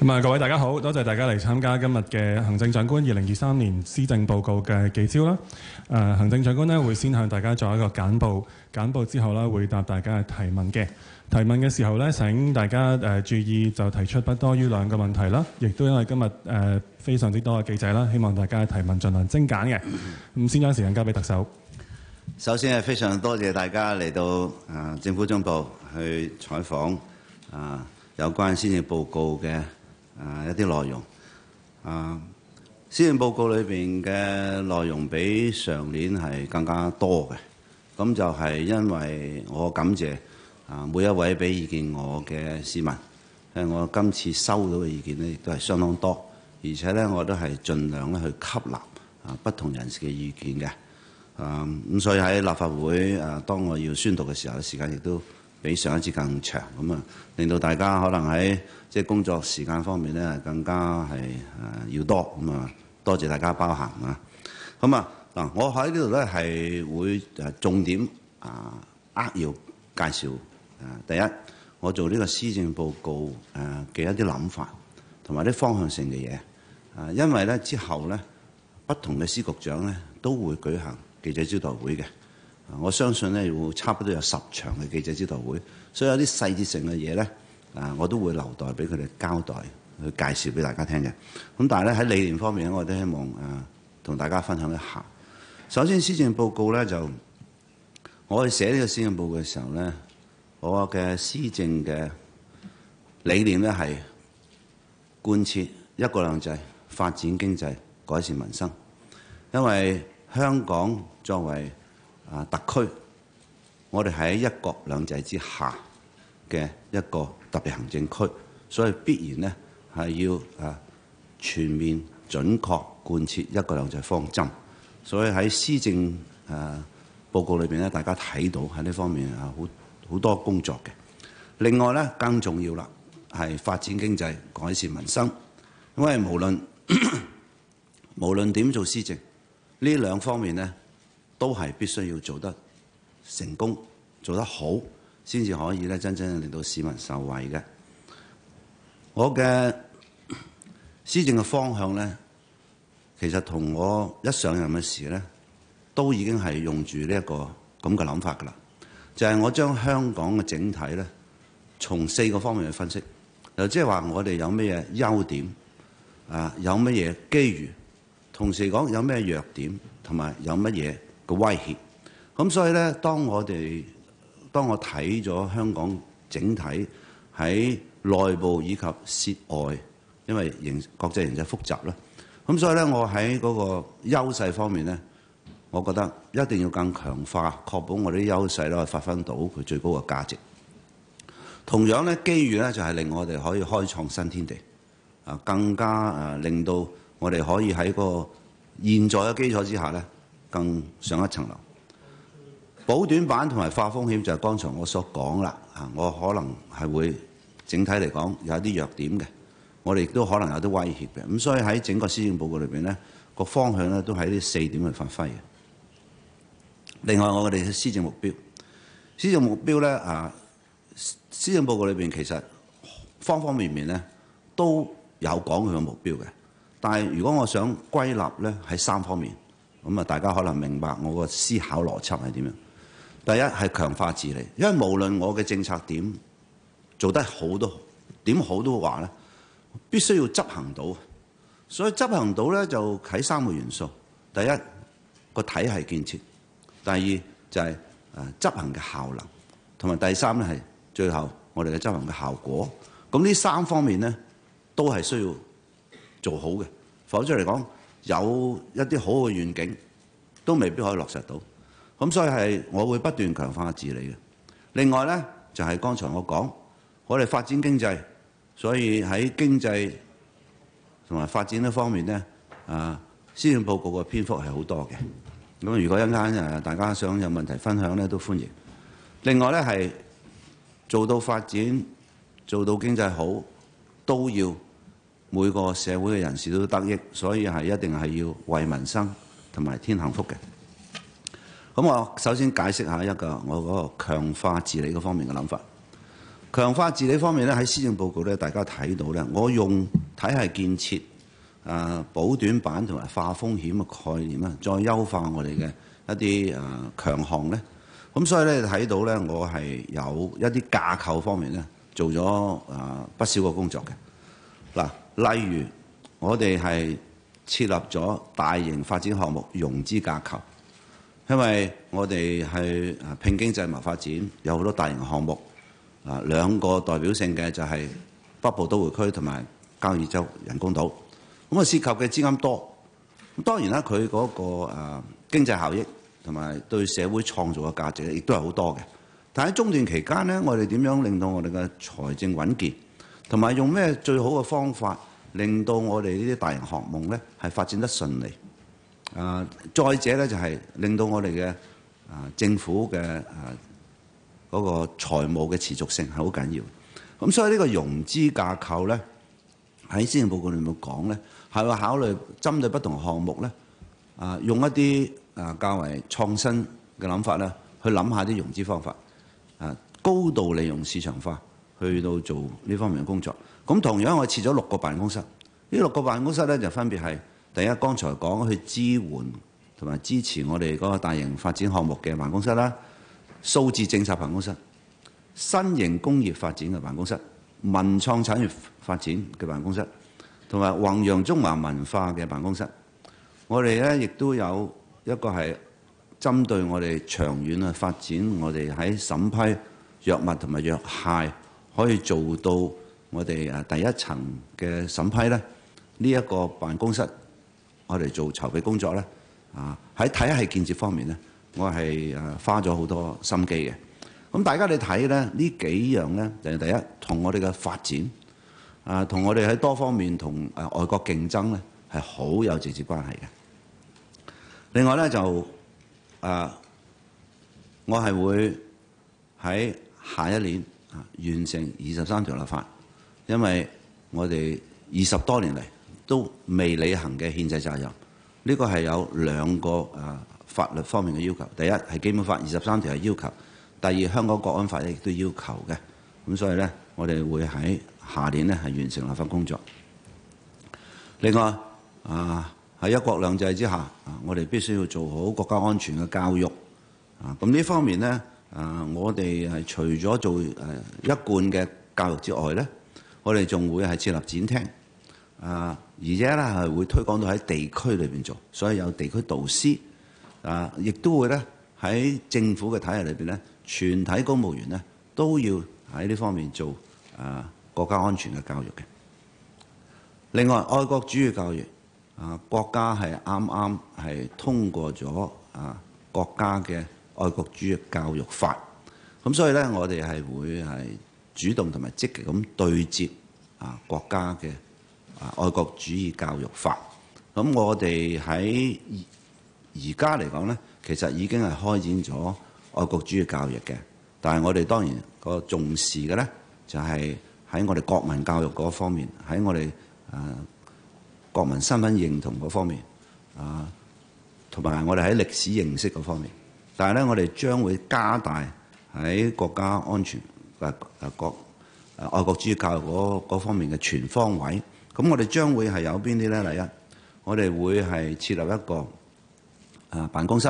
咁啊，各位大家好，多謝大家嚟參加今日嘅行政長官二零二三年施政報告嘅記招啦。誒，行政長官咧會先向大家作一個簡報，簡報之後啦會答大家嘅提問嘅。提問嘅時候咧，請大家誒注意就提出不多於兩個問題啦。亦都因為今日誒非常之多嘅記者啦，希望大家嘅提問盡量精簡嘅。咁先將時間交俾特首。首先係非常多謝大家嚟到誒政府總部去採訪啊，有關施政報告嘅。啊，一啲內容啊，施政報告裏邊嘅內容比上年係更加多嘅。咁就係因為我感謝啊，啊每一位俾意見我嘅市民，因、啊、我今次收到嘅意見呢，亦都係相當多，而且呢，我都係盡量去吸納啊，啊不同人士嘅意見嘅。啊，咁所以喺立法會啊，當我要宣讀嘅時候，時間亦都比上一次更長，咁啊令到大家可能喺即係工作時間方面咧更加係誒要多，咁啊多謝大家包涵啊！咁啊嗱，我喺呢度咧係會誒重點啊扼要介紹誒第一，我做呢個施政報告誒嘅一啲諗法同埋啲方向性嘅嘢啊，因為咧之後咧不同嘅司局長咧都會舉行記者招待會嘅。我相信咧，會差不多有十場嘅記者招待會，所以有啲細節性嘅嘢咧，啊，我都會留待俾佢哋交代，去介紹俾大家聽嘅。咁但係咧，喺理念方面我都希望啊，同、呃、大家分享一下。首先，施政報告咧就，我寫呢個施政報告嘅時候咧，我嘅施政嘅理念咧係貫徹一國兩制，發展經濟，改善民生。因為香港作為啊，特區，我哋喺一國兩制之下嘅一個特別行政區，所以必然呢係要啊全面準確貫徹一國兩制方針。所以喺施政誒、啊、報告裏面咧，大家睇到喺呢方面啊好好多工作嘅。另外呢，更重要啦，係發展經濟，改善民生。因為無論 無論點做施政，呢兩方面呢。都係必須要做得成功，做得好，先至可以咧，真正令到市民受惠嘅。我嘅施政嘅方向咧，其實同我一上任嘅時咧，都已經係用住呢一個咁嘅諗法㗎啦。就係我將香港嘅整體咧，從四個方面去分析，又即係話我哋有乜嘢優點啊，有乜嘢機遇，同時講有咩弱點同埋有乜嘢嘅威脅，咁所以咧，當我哋當我睇咗香港整體喺內部以及涉外，因為形國際形勢複雜啦，咁所以咧，我喺嗰個優勢方面咧，我覺得一定要更強化，確保我啲優勢咧發揮到佢最高嘅價值。同樣咧，機遇咧就係、是、令我哋可以開創新天地，啊，更加誒令到我哋可以喺個現在嘅基礎之下咧。更上一層樓，補短板同埋化風險就係剛才我所講啦。啊，我可能係會整體嚟講有一啲弱點嘅，我哋亦都可能有啲威脅嘅。咁所以喺整個施政報告裏邊咧，個方向咧都喺呢四點去發揮嘅。另外，我哋嘅施政目標，施政目標咧啊，施政報告裏邊其實方方面面咧都有講佢嘅目標嘅。但係如果我想歸納咧，喺三方面。咁啊，大家可能明白我個思考邏輯係點樣？第一係強化治理，因為無論我嘅政策點做得好都點好都話咧，必須要執行到。所以執行到咧就睇三個元素：第一個體系建設，第二就係誒執行嘅效能，同埋第三咧係最後我哋嘅執行嘅效果。咁呢三方面咧都係需要做好嘅，否則嚟講。有一啲好嘅願景，都未必可以落實到，咁所以係我會不斷強化治理嘅。另外咧，就係、是、剛才我講，我哋發展經濟，所以喺經濟同埋發展呢方面咧，啊，施政報告嘅篇幅係好多嘅。咁如果一陣間大家想有問題分享咧，都歡迎。另外咧係做到發展、做到經濟好，都要。每個社會嘅人士都得益，所以係一定係要為民生同埋天幸福嘅。咁我首先解釋下一個我嗰個強化治理嗰方面嘅諗法。強化治理方面咧，喺施政報告咧，大家睇到咧，我用體系建設啊、補短板同埋化風險嘅概念啊，再優化我哋嘅一啲啊強項咧。咁所以咧睇到咧，我係有一啲架構方面咧，做咗啊不少嘅工作嘅。嗱。例如，我哋係設立咗大型發展項目融資架構，因為我哋係拼經濟、謀發展，有好多大型嘅項目。啊，兩個代表性嘅就係北部都會區同埋交椅洲人工島。咁啊，涉及嘅資金多，咁當然啦，佢嗰個誒經濟效益同埋對社會創造嘅價值亦都係好多嘅。但喺中斷期間咧，我哋點樣令到我哋嘅財政穩健，同埋用咩最好嘅方法？令到我哋呢啲大型項目咧係發展得順利，啊，再者咧就係令到我哋嘅啊政府嘅啊嗰個財務嘅持續性係好緊要，咁所以呢個融資架構咧喺施政報告裏面講咧係會考慮針對不同項目咧啊用一啲啊較為創新嘅諗法啦，去諗下啲融資方法啊，高度利用市場化去到做呢方面嘅工作。咁同樣，我設咗六個辦公室。呢六個辦公室咧，就分別係第一，剛才講去支援同埋支持我哋嗰個大型發展項目嘅辦公室啦；數字政策辦公室、新型工業發展嘅辦公室、文創產業發展嘅辦公室，同埋弘揚中華文化嘅辦公室。我哋咧亦都有一個係針對我哋長遠嘅發展，我哋喺審批藥物同埋藥械可以做到。我哋啊第一層嘅審批咧，呢一個辦公室，我哋做籌備工作咧，啊喺體系建設方面咧，我係啊花咗好多心機嘅。咁大家你睇咧，呢幾樣咧，就係第一同我哋嘅發展啊，同我哋喺多方面同誒外國競爭咧，係好有直接關係嘅。另外咧就啊，我係會喺下一年啊完成二十三條立法。因為我哋二十多年嚟都未履行嘅憲制責任，呢個係有兩個啊法律方面嘅要求。第一係基本法二十三條嘅要求，第二香港國安法亦都要求嘅。咁所以呢，我哋會喺下年完成立法工作。另外啊，喺一國兩制之下啊，我哋必須要做好國家安全嘅教育啊。咁呢方面呢，啊，我哋係除咗做誒一貫嘅教育之外呢。我哋仲會係設立展廳，啊，而且咧係會推廣到喺地區裏邊做，所以有地區導師，啊，亦都會咧喺政府嘅體系裏邊咧，全體公務員咧都要喺呢方面做啊國家安全嘅教育嘅。另外，愛國主義教育，啊，國家係啱啱係通過咗啊國家嘅愛國主義教育法，咁所以咧，我哋係會係。主動同埋積極咁對接啊，國家嘅啊愛國主義教育法咁，我哋喺而家嚟講呢，其實已經係開展咗愛國主義教育嘅。但係我哋當然個重視嘅呢，就係喺我哋國民教育嗰方面，喺我哋啊國民身份認同嗰方面啊，同埋我哋喺歷史認識嗰方面。但係呢，我哋將會加大喺國家安全，誒誒國誒愛國主義教育嗰方面嘅全方位，咁我哋將會係有邊啲咧？第一，我哋會係設立一個誒、啊、辦公室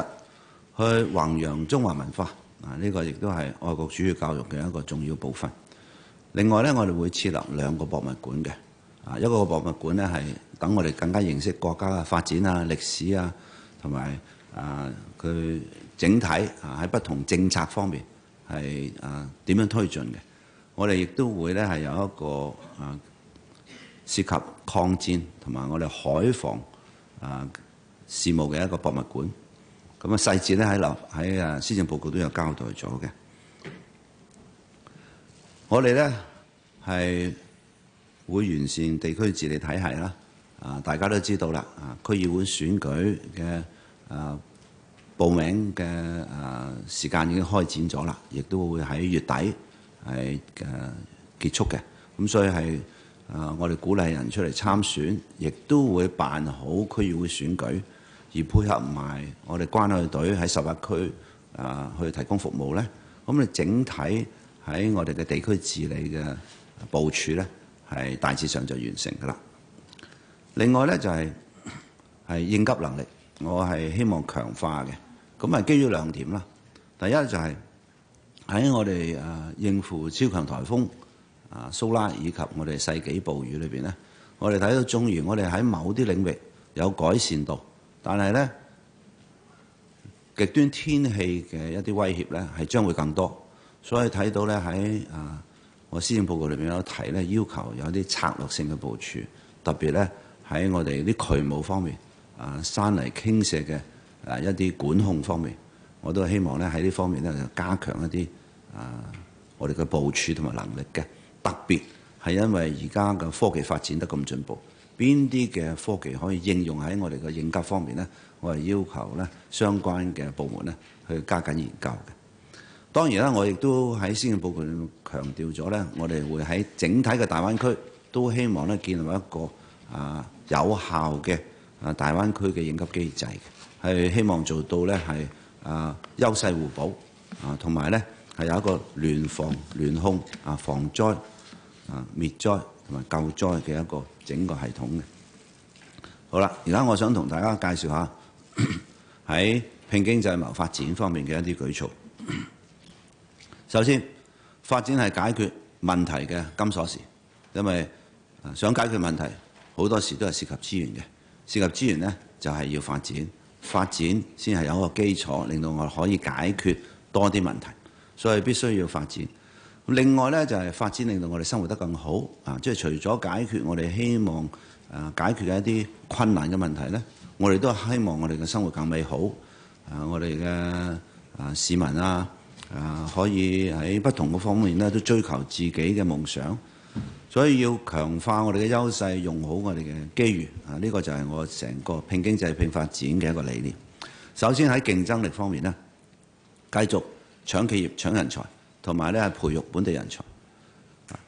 去弘揚中華文化，啊呢、呢個亦都係愛國主義教育嘅一個重要部分。另外咧，我哋會設立兩個博物館嘅，啊一個博物館咧係等我哋更加認識國家嘅發展啊、歷史啊，同埋啊佢整體啊喺不同政策方面。係啊，點樣推進嘅？我哋亦都會咧係有一個啊，涉及抗戰同埋我哋海防啊事務嘅一個博物館。咁啊，細節咧喺樓喺啊，施政報告都有交代咗嘅。我哋咧係會完善地區治理體系啦。啊，大家都知道啦。啊，區議會選舉嘅啊。報名嘅誒時間已經開展咗啦，亦都會喺月底係誒結束嘅。咁所以係誒我哋鼓勵人出嚟參選，亦都會辦好區議會選舉，而配合埋我哋關愛隊喺十八區誒去提供服務呢，咁你整體喺我哋嘅地區治理嘅部署呢，係大致上就完成噶啦。另外呢，就係，就係係應急能力，我係希望強化嘅。咁係基於兩點啦，第一就係喺我哋誒應付超強台風啊蘇拉以及我哋世紀暴雨裏邊咧，我哋睇到縱然我哋喺某啲領域有改善到，但係咧極端天氣嘅一啲威脅咧係將會更多，所以睇到咧喺誒我施政報告裏邊有提咧，要求有啲策略性嘅部署，特別咧喺我哋啲渠務方面啊山泥傾瀉嘅。啊！一啲管控方面，我都希望咧喺呢方面咧加強一啲啊，我哋嘅部署同埋能力嘅。特別係因為而家嘅科技發展得咁進步，邊啲嘅科技可以應用喺我哋嘅應急方面呢，我係要求呢相關嘅部門呢去加緊研究嘅。當然啦，我亦都喺先嘅報告強調咗呢，我哋會喺整體嘅大灣區都希望呢建立一個啊有效嘅啊大灣區嘅應急機制。係希望做到呢，係啊優勢互補啊，同埋呢係有一個聯防聯控啊防災啊滅災同埋救災嘅一個整個系統嘅。好啦，而家我想同大家介紹下喺拼 經濟謀發展方面嘅一啲舉措。首先，發展係解決問題嘅金鎖匙，因為想解決問題好多時都係涉及資源嘅，涉及資源呢，就係要發展。發展先係有個基礎，令到我哋可以解決多啲問題，所以必須要發展。另外呢，就係發展令到我哋生活得更好啊！即係除咗解決我哋希望、啊、解決一啲困難嘅問題呢，我哋都希望我哋嘅生活更美好啊！我哋嘅啊市民啊啊，可以喺不同嘅方面呢都追求自己嘅夢想。所以要強化我哋嘅優勢，用好我哋嘅機遇。啊，呢個就係我成個拼經濟、拼發展嘅一個理念。首先喺競爭力方面呢，繼續搶企業、搶人才，同埋咧係培育本地人才。啊，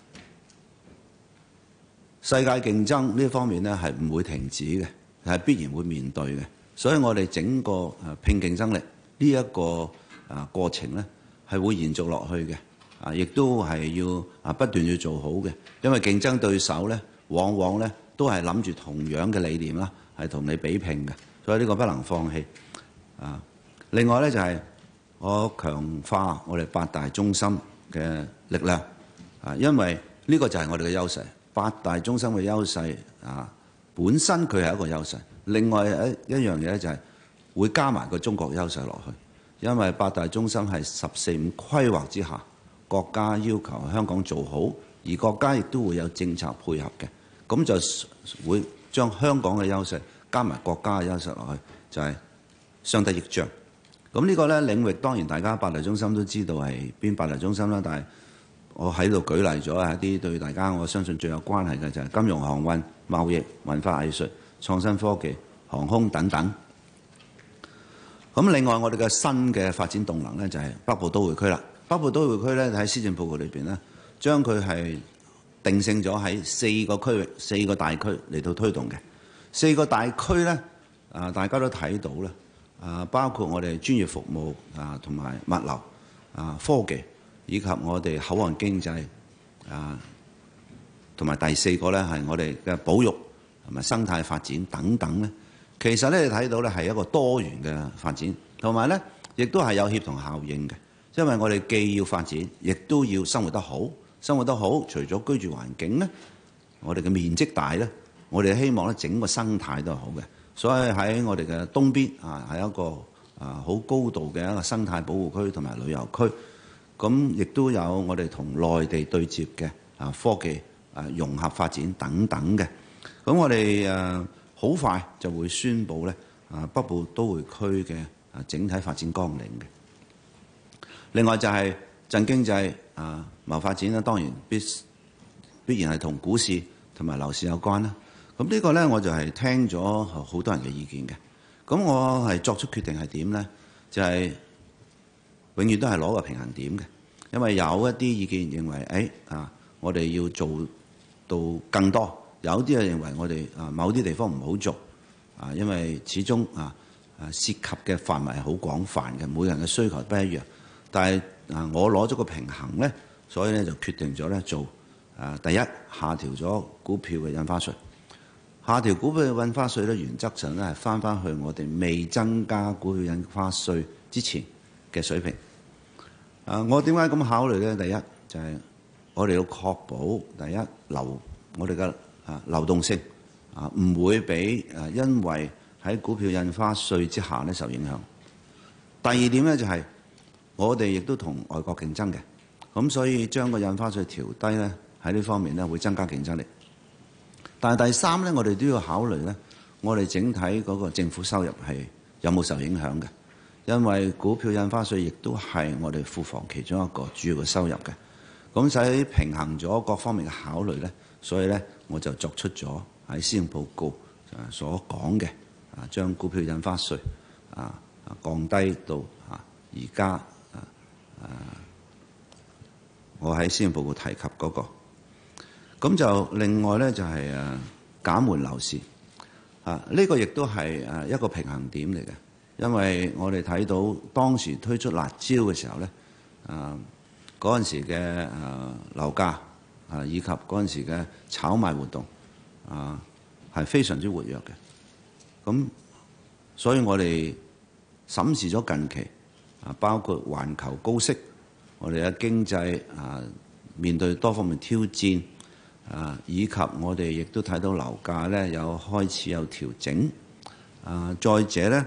世界競爭呢方面呢係唔會停止嘅，係必然會面對嘅。所以我哋整個誒拼競爭力呢一個啊過程呢係會延續落去嘅。啊！亦都係要啊，不斷要做好嘅，因為競爭對手咧，往往咧都係諗住同樣嘅理念啦，係同你比拼嘅，所以呢個不能放棄啊。另外呢，就係我強化我哋八大中心嘅力量啊，因為呢個就係我哋嘅優勢。八大中心嘅優勢啊，本身佢係一個優勢。另外一一,一樣嘢咧就係會加埋個中國嘅優勢落去，因為八大中心係十四五規劃之下。國家要求香港做好，而國家亦都會有政策配合嘅，咁就會將香港嘅優勢加埋國家嘅優勢落去，就係相得益彰。咁呢個呢領域，當然大家八大中心都知道係邊八大中心啦，但係我喺度舉例咗一啲對大家我相信最有關係嘅就係金融、航運、貿易、文化藝術、創新科技、航空等等。咁另外，我哋嘅新嘅發展動能呢，就係北部都會區啦。北部都會區咧，喺施政報告裏邊咧，將佢係定性咗喺四個區域、四個大區嚟到推動嘅。四個大區咧，啊、呃，大家都睇到咧，啊、呃，包括我哋專業服務啊，同、呃、埋物流啊、呃、科技，以及我哋口岸經濟啊，同、呃、埋第四個咧係我哋嘅保育同埋生態發展等等咧。其實咧，你睇到咧係一個多元嘅發展，同埋咧亦都係有協同效應嘅。因為我哋既要發展，亦都要生活得好。生活得好，除咗居住環境呢，我哋嘅面積大呢，我哋希望咧，整個生態都係好嘅。所以喺我哋嘅東邊啊，係一個啊好高度嘅一個生態保護區同埋旅遊區。咁亦都有我哋同內地對接嘅啊科技啊融合發展等等嘅。咁我哋誒好快就會宣布呢啊北部都會區嘅啊整體發展綱領嘅。另外就係振經濟啊，謀發展咧，當然必必然係同股市同埋樓市有關啦。咁呢個咧，我就係聽咗好多人嘅意見嘅。咁我係作出決定係點咧？就係、是、永遠都係攞個平衡點嘅，因為有一啲意見認為誒、哎、啊，我哋要做到更多；有啲又認為我哋啊某啲地方唔好做啊，因為始終啊啊涉及嘅範圍係好廣泛嘅，每人嘅需求都不一樣。但係啊，我攞咗個平衡咧，所以咧就決定咗咧做啊，第一，下調咗股票嘅印花稅，下調股票嘅印花稅咧，原則上咧係翻翻去我哋未增加股票印花稅之前嘅水平。啊，我點解咁考慮咧？第一就係我哋要確保第一流我哋嘅啊流動性啊唔會俾啊因為喺股票印花稅之下咧受影響。第二點咧就係。我哋亦都同外國競爭嘅，咁所以將個印花稅調低呢，喺呢方面呢會增加競爭力。但係第三呢，我哋都要考慮呢，我哋整體嗰個政府收入係有冇受影響嘅？因為股票印花稅亦都係我哋庫房其中一個主要嘅收入嘅。咁使平衡咗各方面嘅考慮呢，所以呢，我就作出咗喺施政報告所講嘅啊，將股票印花稅啊啊降低到啊而家。誒，我喺施政報告提及嗰個，咁就另外咧就係誒減緩樓市，啊呢個亦都係誒一個平衡點嚟嘅，因為我哋睇到當時推出辣招嘅時候咧，誒嗰陣時嘅誒樓價啊以及嗰陣時嘅炒賣活動啊係非常之活躍嘅，咁所以我哋審視咗近期。啊，包括環球高息，我哋嘅經濟啊面對多方面挑戰啊，以及我哋亦都睇到樓價咧有開始有調整啊。再者咧，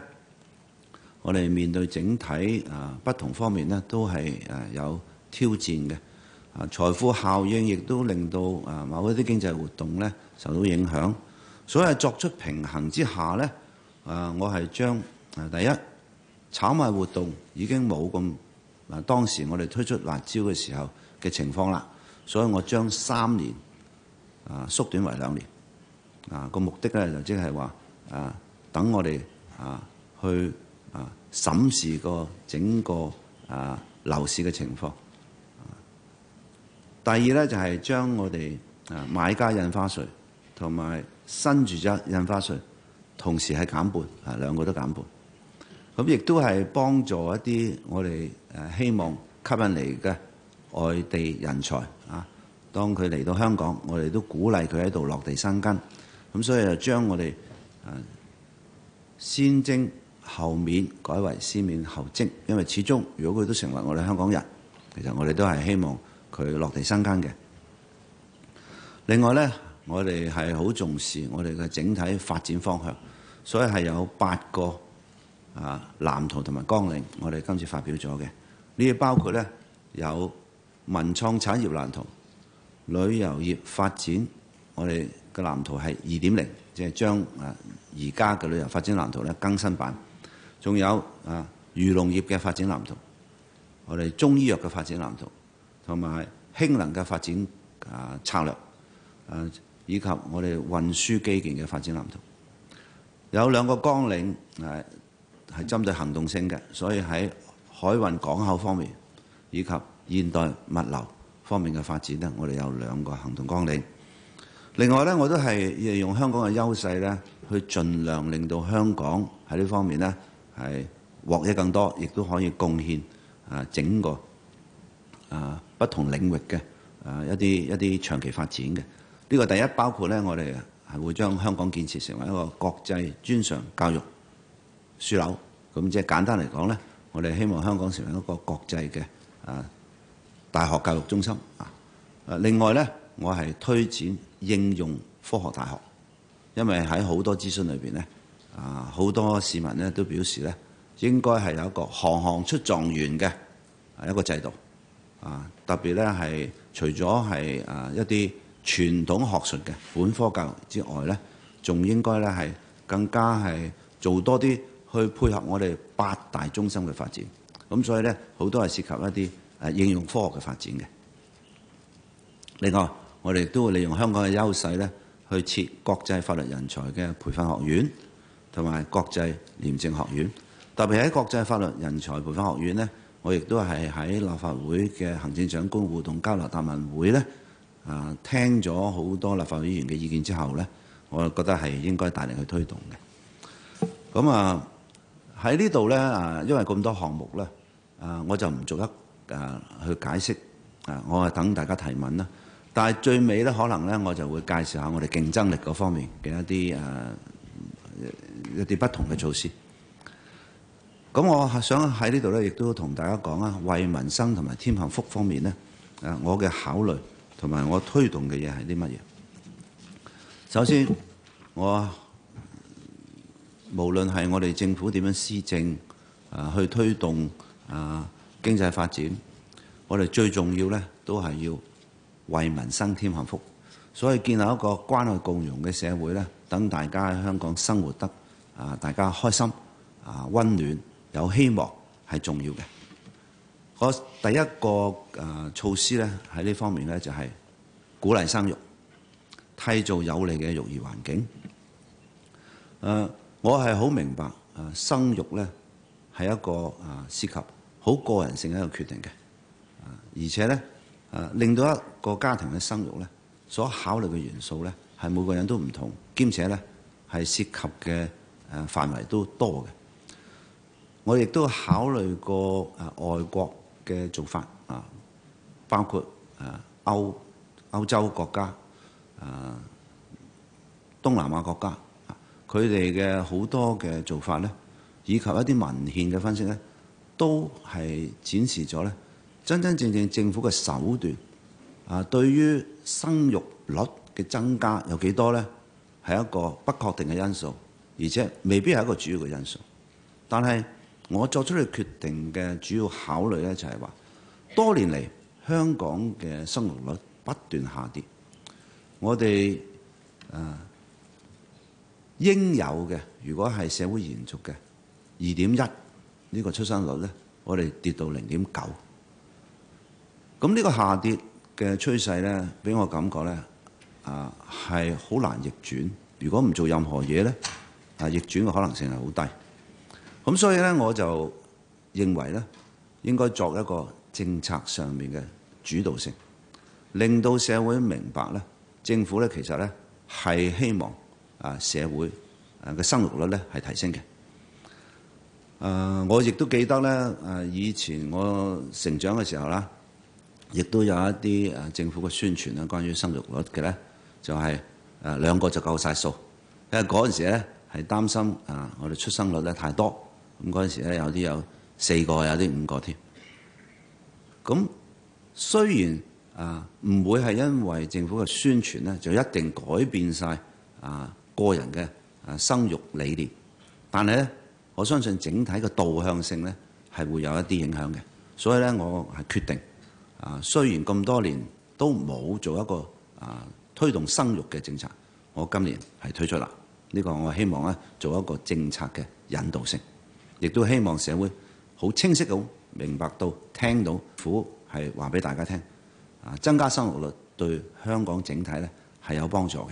我哋面對整體啊不同方面咧都係誒有挑戰嘅啊。財富效應亦都令到啊某一啲經濟活動咧受到影響。所以作出平衡之下咧，啊，我係將啊第一。炒賣活動已經冇咁嗱，當時我哋推出辣招嘅時候嘅情況啦，所以我將三年啊、呃、縮短為兩年啊，個目的咧就即係話啊等我哋啊去啊審視個整個啊樓市嘅情況。啊、第二咧就係、是、將我哋啊買家印花稅同埋新住宅印花稅同時係減半啊，兩個都減半。咁亦都係幫助一啲我哋希望吸引嚟嘅外地人才啊，當佢嚟到香港，我哋都鼓勵佢喺度落地生根。咁所以就將我哋先徵後免改為先免後徵，因為始終如果佢都成為我哋香港人，其實我哋都係希望佢落地生根嘅。另外咧，我哋係好重視我哋嘅整體發展方向，所以係有八個。啊！藍圖同埋綱領，我哋今次發表咗嘅，呢啲包括咧有文創產業藍圖、旅遊業發展，我哋嘅藍圖係二點零，即係將啊而家嘅旅遊發展藍圖咧更新版，仲有啊漁農業嘅發展藍圖，我哋中醫藥嘅發展藍圖，同埋氫能嘅發展啊策略，啊以及我哋運輸基建嘅發展藍圖，有兩個綱領係，啊係針對行動性嘅，所以喺海運港口方面，以及現代物流方面嘅發展呢，我哋有兩個行動綱領。另外呢，我都係利用香港嘅優勢呢去盡量令到香港喺呢方面呢係獲益更多，亦都可以貢獻啊整個啊不同領域嘅啊一啲一啲長期發展嘅。呢個第一包括呢，我哋係會將香港建設成為一個國際專上教育樞紐。咁即係簡單嚟講呢，我哋希望香港成為一個國際嘅啊大學教育中心啊。另外呢，我係推展應用科學大學，因為喺好多諮詢裏邊呢，啊好多市民呢都表示呢，應該係有一個行行出狀元嘅啊一個制度啊。特別呢，係除咗係啊一啲傳統學術嘅本科教育之外呢，仲應該呢係更加係做多啲。去配合我哋八大中心嘅發展，咁所以呢，好多係涉及一啲誒應用科學嘅發展嘅。另外，我哋亦都會利用香港嘅優勢呢，去設國際法律人才嘅培訓學院，同埋國際廉政學院。特別喺國際法律人才培訓學院呢，我亦都係喺立法會嘅行政長官互動交流答問會呢，啊聽咗好多立法會議員嘅意見之後呢，我覺得係應該大力去推動嘅。咁啊～喺呢度呢，啊，因為咁多項目呢，啊，我就唔逐一啊去解釋啊，我係等大家提問啦。但係最尾呢，可能呢，我就會介紹下我哋競爭力嗰方面嘅一啲啊一啲不同嘅措施。咁我想喺呢度呢，亦都同大家講啊，為民生同埋添幸福方面呢，啊，我嘅考慮同埋我推動嘅嘢係啲乜嘢？首先我。無論係我哋政府點樣施政，啊、呃，去推動啊、呃、經濟發展，我哋最重要咧都係要為民生添幸福。所以建立一個關愛共融嘅社會咧，等大家喺香港生活得啊、呃，大家開心啊、呃，溫暖有希望係重要嘅。我第一個啊、呃、措施咧喺呢方面咧就係、是、鼓勵生育，締造有利嘅育兒環境。誒、呃。我係好明白，誒、啊、生育咧係一個誒、啊、涉及好個人性嘅一個決定嘅、啊，而且咧誒、啊、令到一個家庭嘅生育咧所考慮嘅元素咧係每個人都唔同，兼且咧係涉及嘅誒、啊、範圍都多嘅。我亦都考慮過誒、啊、外國嘅做法啊，包括誒、啊、歐歐洲國家誒、啊、東南亞國家。佢哋嘅好多嘅做法呢，以及一啲文獻嘅分析呢，都係展示咗呢，真真正正政府嘅手段啊，對於生育率嘅增加有幾多呢，係一個不確定嘅因素，而且未必係一個主要嘅因素。但係我作出嘅決定嘅主要考慮呢，就是，就係話多年嚟香港嘅生育率不斷下跌，我哋啊。呃應有嘅，如果係社會延續嘅二點一呢個出生率呢，我哋跌到零點九，咁呢個下跌嘅趨勢呢，俾我感覺呢，啊係好難逆轉。如果唔做任何嘢呢，啊逆轉嘅可能性係好低。咁所以呢，我就認為呢，應該作一個政策上面嘅主導性，令到社會明白呢，政府呢其實呢，係希望。啊！社會啊嘅生育率咧係提升嘅。啊，我亦都記得咧，啊以前我成長嘅時候啦，亦都有一啲啊政府嘅宣傳咧，關於生育率嘅咧，就係啊兩個就夠晒數。因為嗰陣時咧係擔心啊，我哋出生率咧太多，咁嗰陣時咧有啲有四個，有啲五個添。咁雖然啊唔會係因為政府嘅宣傳咧，就一定改變晒，啊個人嘅啊生育理念，但係咧，我相信整體嘅導向性咧係會有一啲影響嘅，所以咧我係決定啊，雖然咁多年都冇做一個啊推動生育嘅政策，我今年係推出啦。呢個我希望咧做一個政策嘅引導性，亦都希望社會好清晰咁明白到聽到政府係話俾大家聽啊，增加生育率對香港整體咧係有幫助嘅。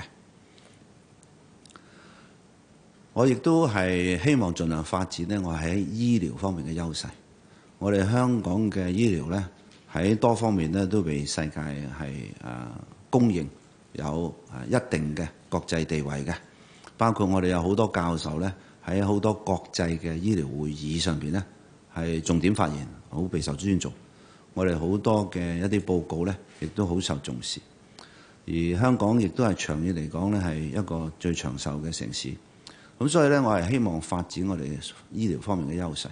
我亦都係希望盡量發展呢，我喺醫療方面嘅優勢，我哋香港嘅醫療呢，喺多方面呢都被世界係誒公認有誒一定嘅國際地位嘅。包括我哋有好多教授呢，喺好多國際嘅醫療會議上邊呢，係重點發言，好備受尊重。我哋好多嘅一啲報告呢，亦都好受重視。而香港亦都係長遠嚟講呢係一個最長壽嘅城市。咁所以咧，我係希望發展我哋醫療方面嘅優勢。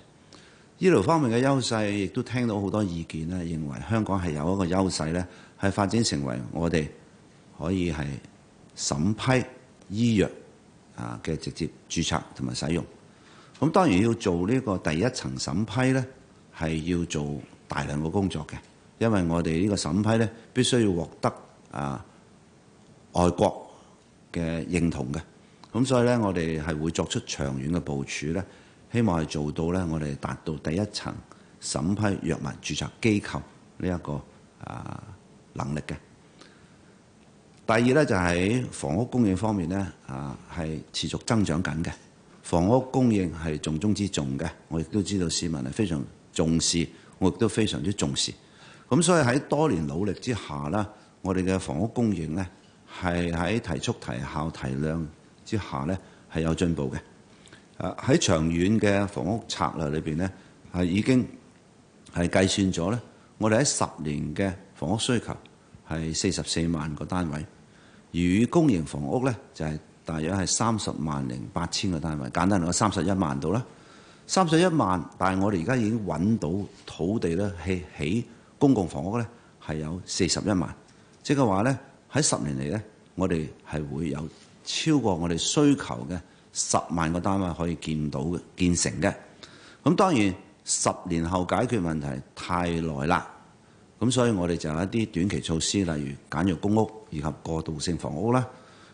醫療方面嘅優勢，亦都聽到好多意見咧，認為香港係有一個優勢咧，係發展成為我哋可以係審批醫藥啊嘅直接註冊同埋使用。咁當然要做呢個第一層審批咧，係要做大量嘅工作嘅，因為我哋呢個審批咧必須要獲得啊外國嘅認同嘅。咁所以咧，我哋係會作出長遠嘅部署咧，希望係做到咧，我哋達到第一層審批藥物註冊機構呢一個啊能力嘅。第二咧就係房屋供應方面咧啊，係持續增長緊嘅。房屋供應係重中之重嘅，我亦都知道市民係非常重視，我亦都非常之重視。咁所以喺多年努力之下啦，我哋嘅房屋供應咧係喺提速、提效、提量，之下咧係有進步嘅，喺長遠嘅房屋策略裏邊咧係已經係計算咗咧，我哋喺十年嘅房屋需求係四十四萬個單位，而公營房屋咧就係大約係三十萬零八千個單位，簡單嚟講三十一萬度啦。三十一萬，但係我哋而家已經揾到土地咧，係起公共房屋咧係有四十一萬，即係話咧喺十年嚟咧，我哋係會有。超過我哋需求嘅十萬個單位可以見到嘅建成嘅，咁當然十年後解決問題太耐啦。咁所以我哋就有一啲短期措施，例如簡約公屋以及過渡性房屋啦。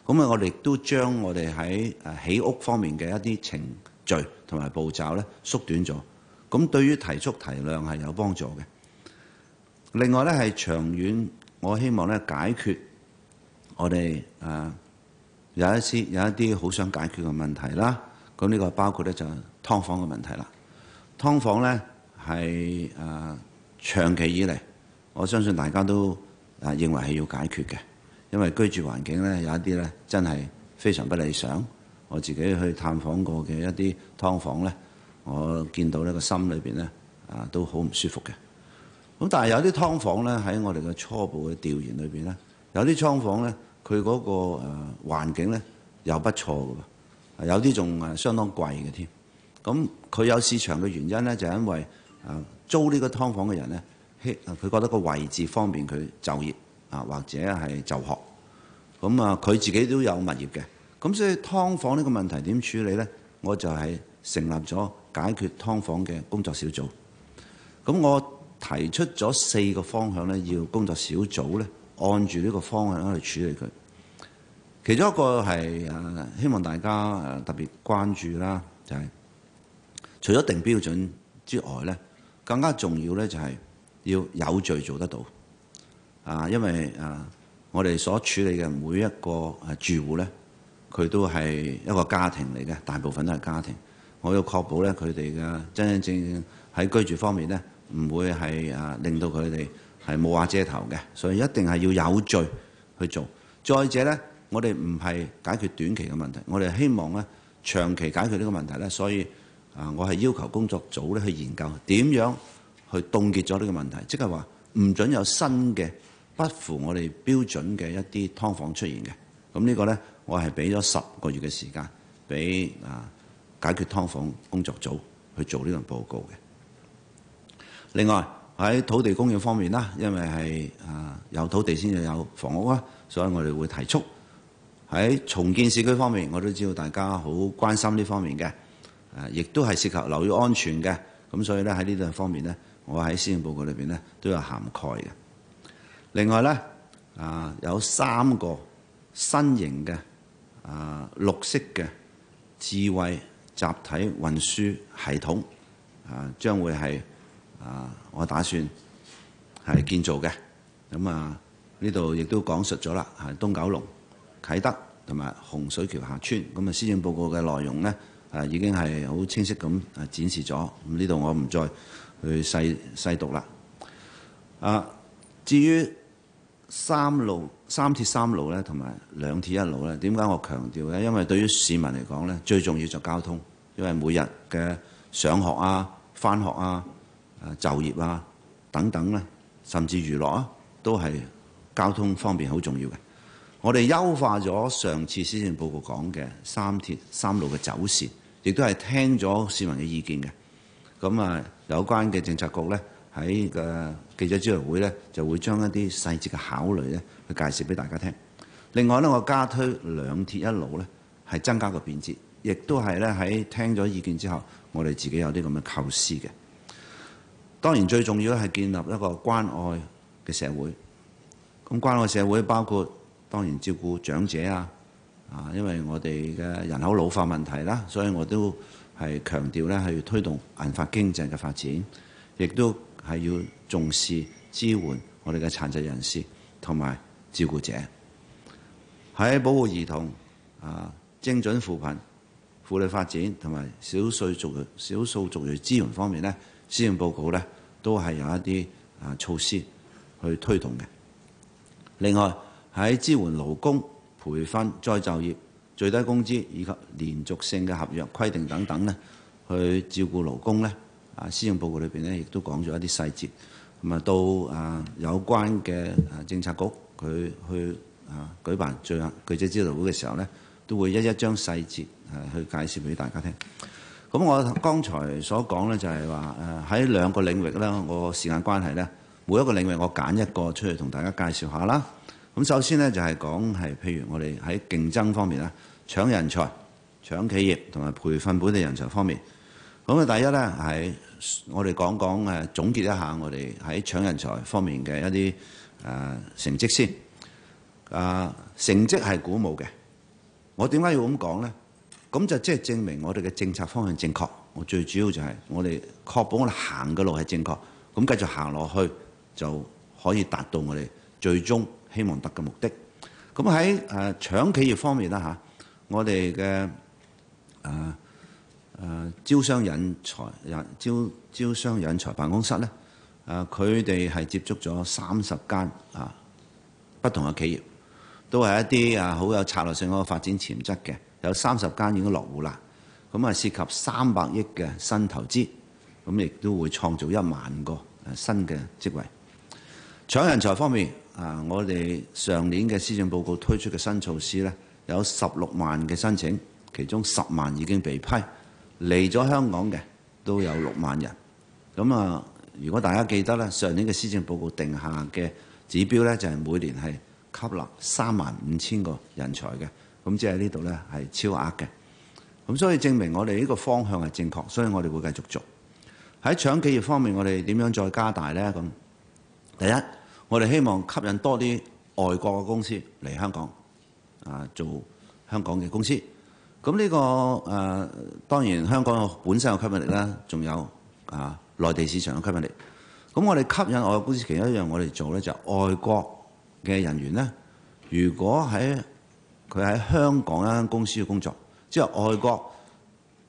咁啊，我哋都將我哋喺誒起屋方面嘅一啲程序同埋步驟呢縮短咗。咁對於提速提量係有幫助嘅。另外呢係長遠，我希望呢解決我哋誒。啊有一啲有一啲好想解決嘅問題啦，咁呢個包括呢，就係劏房嘅問題啦。劏房呢係誒長期以嚟，我相信大家都啊認為係要解決嘅，因為居住環境呢，有一啲呢真係非常不理想。我自己去探訪過嘅一啲劏房呢，我見到呢個心裏邊呢啊都好唔舒服嘅。咁但係有啲劏房呢，喺我哋嘅初步嘅調研裏邊呢，有啲劏房呢。佢嗰個誒環境咧又不錯嘅，有啲仲誒相當貴嘅添。咁佢有市場嘅原因咧，就係因為誒租呢個劏房嘅人咧，佢覺得個位置方便佢就業啊，或者係就學。咁啊，佢自己都有物業嘅。咁所以劏房呢個問題點處理咧？我就係成立咗解決劏房嘅工作小組。咁我提出咗四個方向咧，要工作小組咧。按住呢個方向去處理佢。其中一個係誒，希望大家誒特別關注啦，就係除咗定標準之外咧，更加重要咧就係要有序做得到。啊，因為誒，我哋所處理嘅每一個誒住戶咧，佢都係一個家庭嚟嘅，大部分都係家庭。我要確保咧，佢哋嘅真真正正喺居住方面咧，唔會係誒令到佢哋。係冇話遮頭嘅，所以一定係要有序去做。再者咧，我哋唔係解決短期嘅問題，我哋希望咧長期解決呢個問題咧。所以啊，我係要求工作組咧去研究點樣去凍結咗呢個問題，即係話唔准有新嘅不符我哋標準嘅一啲劏房出現嘅。咁呢個咧，我係俾咗十個月嘅時間俾啊解決劏房工作組去做呢份報告嘅。另外。喺土地供應方面啦，因為係啊有土地先至有房屋啊，所以我哋會提速。喺重建市區方面，我都知道大家好關心呢方面嘅，啊，亦都係涉及樓宇安全嘅，咁所以咧喺呢度方面咧，我喺施政報告裏邊咧都有涵蓋嘅。另外咧啊，有三個新型嘅啊綠色嘅智慧集體運輸系統啊，將會係。啊！我打算係建造嘅咁啊，呢度亦都講述咗啦，係東九龍啟德同埋洪水橋下村咁啊。施政報告嘅內容呢係已經係好清晰咁啊展示咗。咁呢度我唔再去細細讀啦。啊，至於三路三鐵三路呢，同埋兩鐵一路呢，點解我強調呢？因為對於市民嚟講呢，最重要就交通，因為每日嘅上學啊、翻學啊、就業啊，等等咧，甚至娛樂啊，都係交通方面好重要嘅。我哋優化咗上次施政報告講嘅三鐵三路嘅走線，亦都係聽咗市民嘅意見嘅。咁啊，有關嘅政策局呢，喺嘅記者招待會呢，就會將一啲細節嘅考慮呢，去介紹俾大家聽。另外呢，我加推兩鐵一路呢，係增加個便捷，亦都係呢，喺聽咗意見之後，我哋自己有啲咁嘅構思嘅。當然最重要咧，係建立一個關愛嘅社會。咁關愛社會包括當然照顧長者啊，啊，因為我哋嘅人口老化問題啦，所以我都係強調咧，係要推動銀髮經濟嘅發展，亦都係要重視支援我哋嘅殘疾人士同埋照顧者。喺保護兒童、啊精準扶貧、婦女發展同埋少數族少數族裔資源方面咧。施政報告咧，都係有一啲啊措施去推動嘅。另外喺支援勞工、培訓再就業、最低工資以及連續性嘅合約規定等等咧，去照顧勞工咧，啊，施政報告裏邊咧亦都講咗一啲細節。咁啊，到啊有關嘅啊政策局佢去啊舉辦最後記者招待會嘅時候咧，都會一一將細節啊去介紹俾大家聽。咁我剛才所講呢就係話誒喺兩個領域呢，我時間關係呢，每一個領域我揀一個出嚟同大家介紹下啦。咁首先呢就係講係譬如我哋喺競爭方面啦，搶人才、搶企業同埋培訓本地人才方面。咁啊，第一呢係我哋講講誒總結一下我哋喺搶人才方面嘅一啲誒成績先。啊，成績係鼓舞嘅。我點解要咁講呢？咁就即係證明我哋嘅政策方向正確。我最主要就係我哋確保我哋行嘅路係正確，咁繼續行落去就可以達到我哋最終希望達嘅目的。咁喺誒搶企業方面啦嚇，我哋嘅、啊啊、招商引才、啊、招招商引才辦公室咧，誒佢哋係接觸咗三十間啊不同嘅企業，都係一啲啊好有策略性嗰個發展潛質嘅。有三十間已經落戶啦，咁啊涉及三百億嘅新投資，咁亦都會創造一萬個誒新嘅職位。搶人才方面，啊，我哋上年嘅施政報告推出嘅新措施呢，有十六萬嘅申請，其中十萬已經被批，嚟咗香港嘅都有六萬人。咁啊，如果大家記得呢，上年嘅施政報告定下嘅指標呢，就係每年係吸納三萬五千個人才嘅。咁即係呢度呢係超額嘅。咁所以證明我哋呢個方向係正確，所以我哋會繼續做。喺搶企業方面，我哋點樣再加大呢？咁第一，我哋希望吸引多啲外國嘅公司嚟香港啊，做香港嘅公司。咁呢個誒，啊，當然香港本身嘅吸引力啦，仲有啊內地市場嘅吸引力。咁我哋吸引外國公司，其中一樣我哋做呢就係，外國嘅人員呢，如果喺佢喺香港一間公司嘅工作，即係外國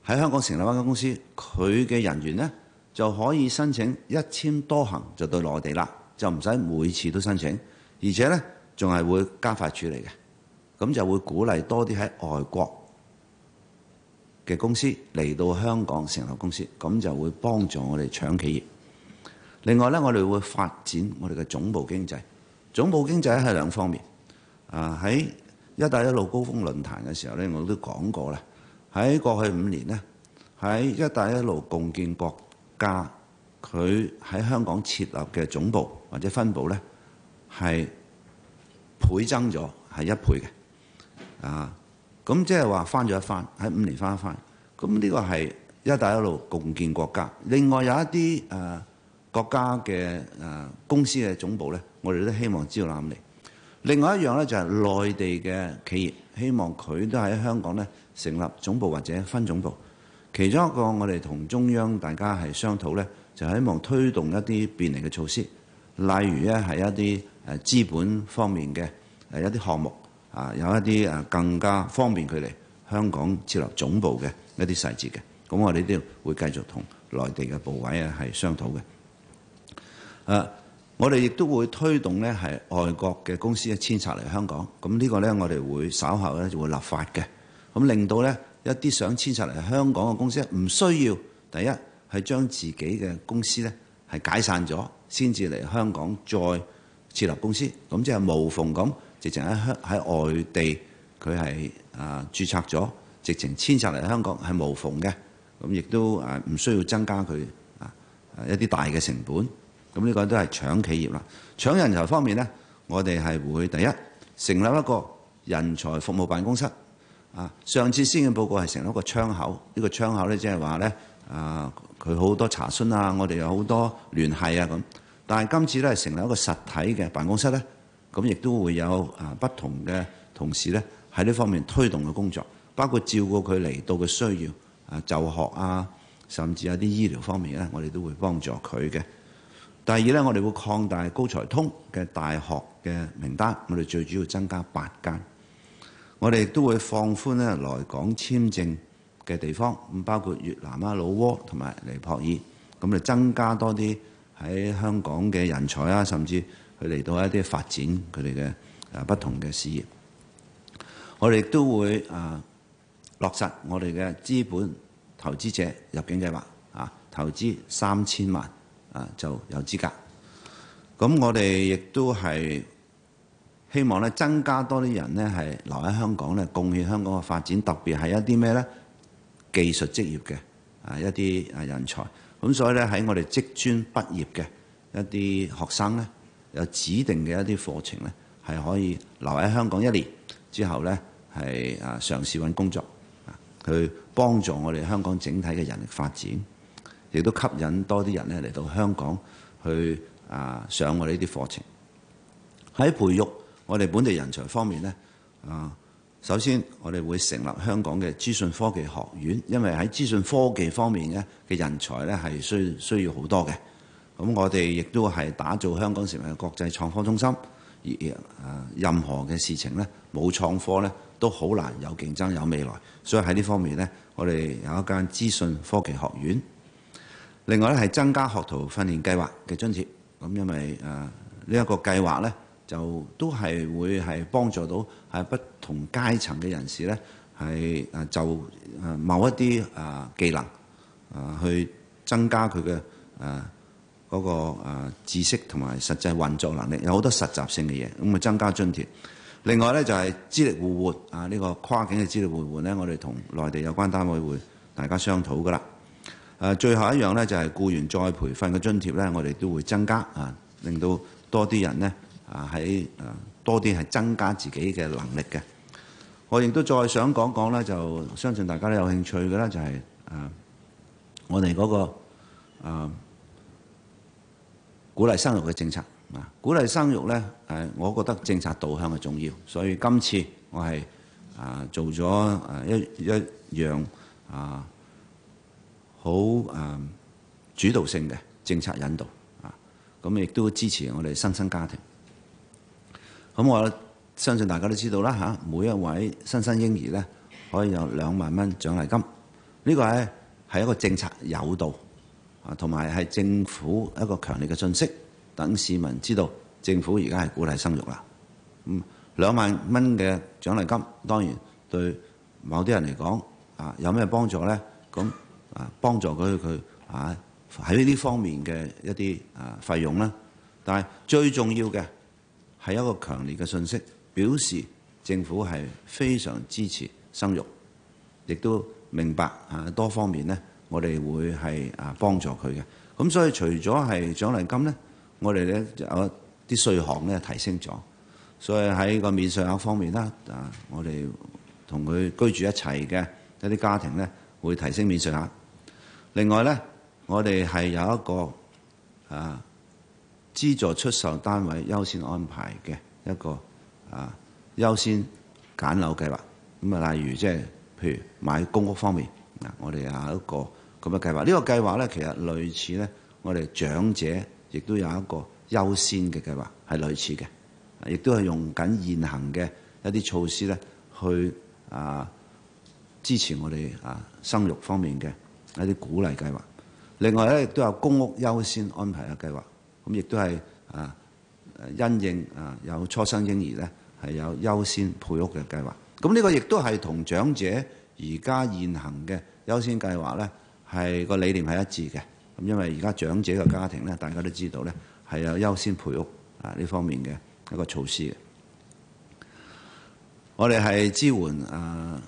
喺香港成立一間公司，佢嘅人員呢，就可以申請一簽多行就到內地啦，就唔使每次都申請，而且呢，仲係會加快處理嘅，咁就會鼓勵多啲喺外國嘅公司嚟到香港成立公司，咁就會幫助我哋搶企業。另外呢，我哋會發展我哋嘅總部經濟，總部經濟係兩方面，啊喺。一帶一路高峰論壇嘅時候呢，我都講過啦。喺過去五年呢，喺一帶一路共建國家，佢喺香港設立嘅總部或者分部呢，係倍增咗，係一倍嘅。啊，咁即係話翻咗一番，喺五年翻一番。咁呢個係一帶一路共建國家。另外有一啲誒、呃、國家嘅誒、呃、公司嘅總部呢，我哋都希望招攬嚟。另外一樣咧，就係內地嘅企業，希望佢都喺香港咧成立總部或者分總部。其中一個我哋同中央大家係商討呢，就希望推動一啲便利嘅措施，例如呢係一啲誒資本方面嘅誒一啲項目啊，有一啲誒更加方便佢哋香港設立總部嘅一啲細節嘅。咁我哋都要會繼續同內地嘅部委啊係商討嘅。啊！我哋亦都會推動呢，係外國嘅公司呢遷冊嚟香港。咁呢個呢，我哋會稍後呢就會立法嘅。咁令到呢一啲想遷冊嚟香港嘅公司呢，唔需要第一係將自己嘅公司呢係解散咗，先至嚟香港再設立公司。咁即係無縫咁，直情喺香喺外地佢係啊註冊咗，直情遷冊嚟香港係無縫嘅。咁亦都啊唔需要增加佢啊一啲大嘅成本。咁呢個都係搶企業啦，搶人才方面呢，我哋係會第一成立一個人才服務辦公室。啊，上次先嘅報告係成立一個窗口，呢個窗口呢，即係話呢，啊，佢好多查詢啊，我哋有好多聯繫啊咁。但係今次呢成立一個實體嘅辦公室呢，咁亦都會有啊不同嘅同事呢喺呢方面推動嘅工作，包括照顧佢嚟到嘅需要啊就學啊，甚至有啲醫療方面呢，我哋都會幫助佢嘅。.第二呢，我哋會擴大高才通嘅大學嘅名單，我哋最主要增加八間。我哋都會放寬呢來港簽證嘅地方，咁包括越南啊、老撾同埋尼泊爾，咁嚟增加多啲喺香港嘅人才啦，甚至佢嚟到一啲發展佢哋嘅誒不同嘅事業。我哋都會誒落實我哋嘅資本投資者入境計劃啊，投資三千萬。啊，就有資格。咁我哋亦都係希望呢，增加多啲人呢，係留喺香港呢，貢獻香港嘅發展。特別係一啲咩呢，技術職業嘅啊一啲啊人才。咁所以呢，喺我哋職專畢業嘅一啲學生呢，有指定嘅一啲課程呢，係可以留喺香港一年之後呢，係啊嘗試揾工作，去幫助我哋香港整體嘅人力發展。亦都吸引多啲人咧嚟到香港去啊，上我哋呢啲課程，喺培育我哋本地人才方面呢，啊，首先我哋會成立香港嘅資訊科技學院，因為喺資訊科技方面咧嘅人才呢，係需需要好多嘅。咁我哋亦都係打造香港成為國際創科中心。而啊，任何嘅事情呢，冇創科呢，都好難有競爭有未來。所以喺呢方面呢，我哋有一間資訊科技學院。另外咧係增加學徒訓練計劃嘅津貼，咁因為誒呢一個計劃呢，就都係會係幫助到喺不同階層嘅人士呢，係誒就誒某一啲誒技能誒去增加佢嘅誒嗰個知識同埋實際運作能力，有好多實習性嘅嘢，咁啊增加津貼。另外呢就係資歷互認啊，呢個跨境嘅資歷互認呢，我哋同內地有關單位會大家商討㗎喇。誒最後一樣咧，就係僱員再培訓嘅津貼咧，我哋都會增加啊，令到多啲人咧啊喺啊多啲係增加自己嘅能力嘅。我亦都再想講講咧，就相信大家都有興趣嘅啦，就係啊我哋嗰個啊鼓勵生育嘅政策啊，鼓勵生育咧誒，我覺得政策導向係重要，所以今次我係啊做咗誒一一樣啊，好誒主導性嘅政策引導啊，咁亦都支持我哋新生家庭。咁我相信大家都知道啦嚇，每一位新生嬰兒呢，可以有兩萬蚊獎勵金，呢個咧係一個政策誘導啊，同埋係政府一個強烈嘅訊息，等市民知道政府而家係鼓勵生育啦。嗯，兩萬蚊嘅獎勵金當然對某啲人嚟講啊有咩幫助呢？咁。啊，幫助佢佢啊喺呢方面嘅一啲啊費用啦，但係最重要嘅係一個強烈嘅信息，表示政府係非常支持生育，亦都明白啊多方面呢，我哋會係啊幫助佢嘅。咁所以除咗係獎勵金呢，我哋呢就有啲稅項呢提升咗，所以喺個免稅額方面啦啊，我哋同佢居住一齊嘅一啲家庭呢，會提升免稅額。另外呢，我哋係有一個啊資助出售單位優先安排嘅一個啊優先揀樓計劃。咁啊，例如即係譬如買公屋方面，嗱，我哋有一個咁嘅計劃。呢個計劃呢，其實類似呢，我哋長者亦都有一個優先嘅計劃，係類似嘅，亦都係用緊現行嘅一啲措施呢去啊支持我哋啊生育方面嘅。一啲鼓勵計劃，另外咧亦都有公屋優先安排嘅計劃，咁亦都係啊，因應啊有初生嬰兒呢係有優先配屋嘅計劃。咁呢個亦都係同長者而家現行嘅優先計劃呢係個理念係一致嘅。咁因為而家長者嘅家庭呢，大家都知道呢係有優先配屋啊呢方面嘅一個措施嘅。我哋係支援啊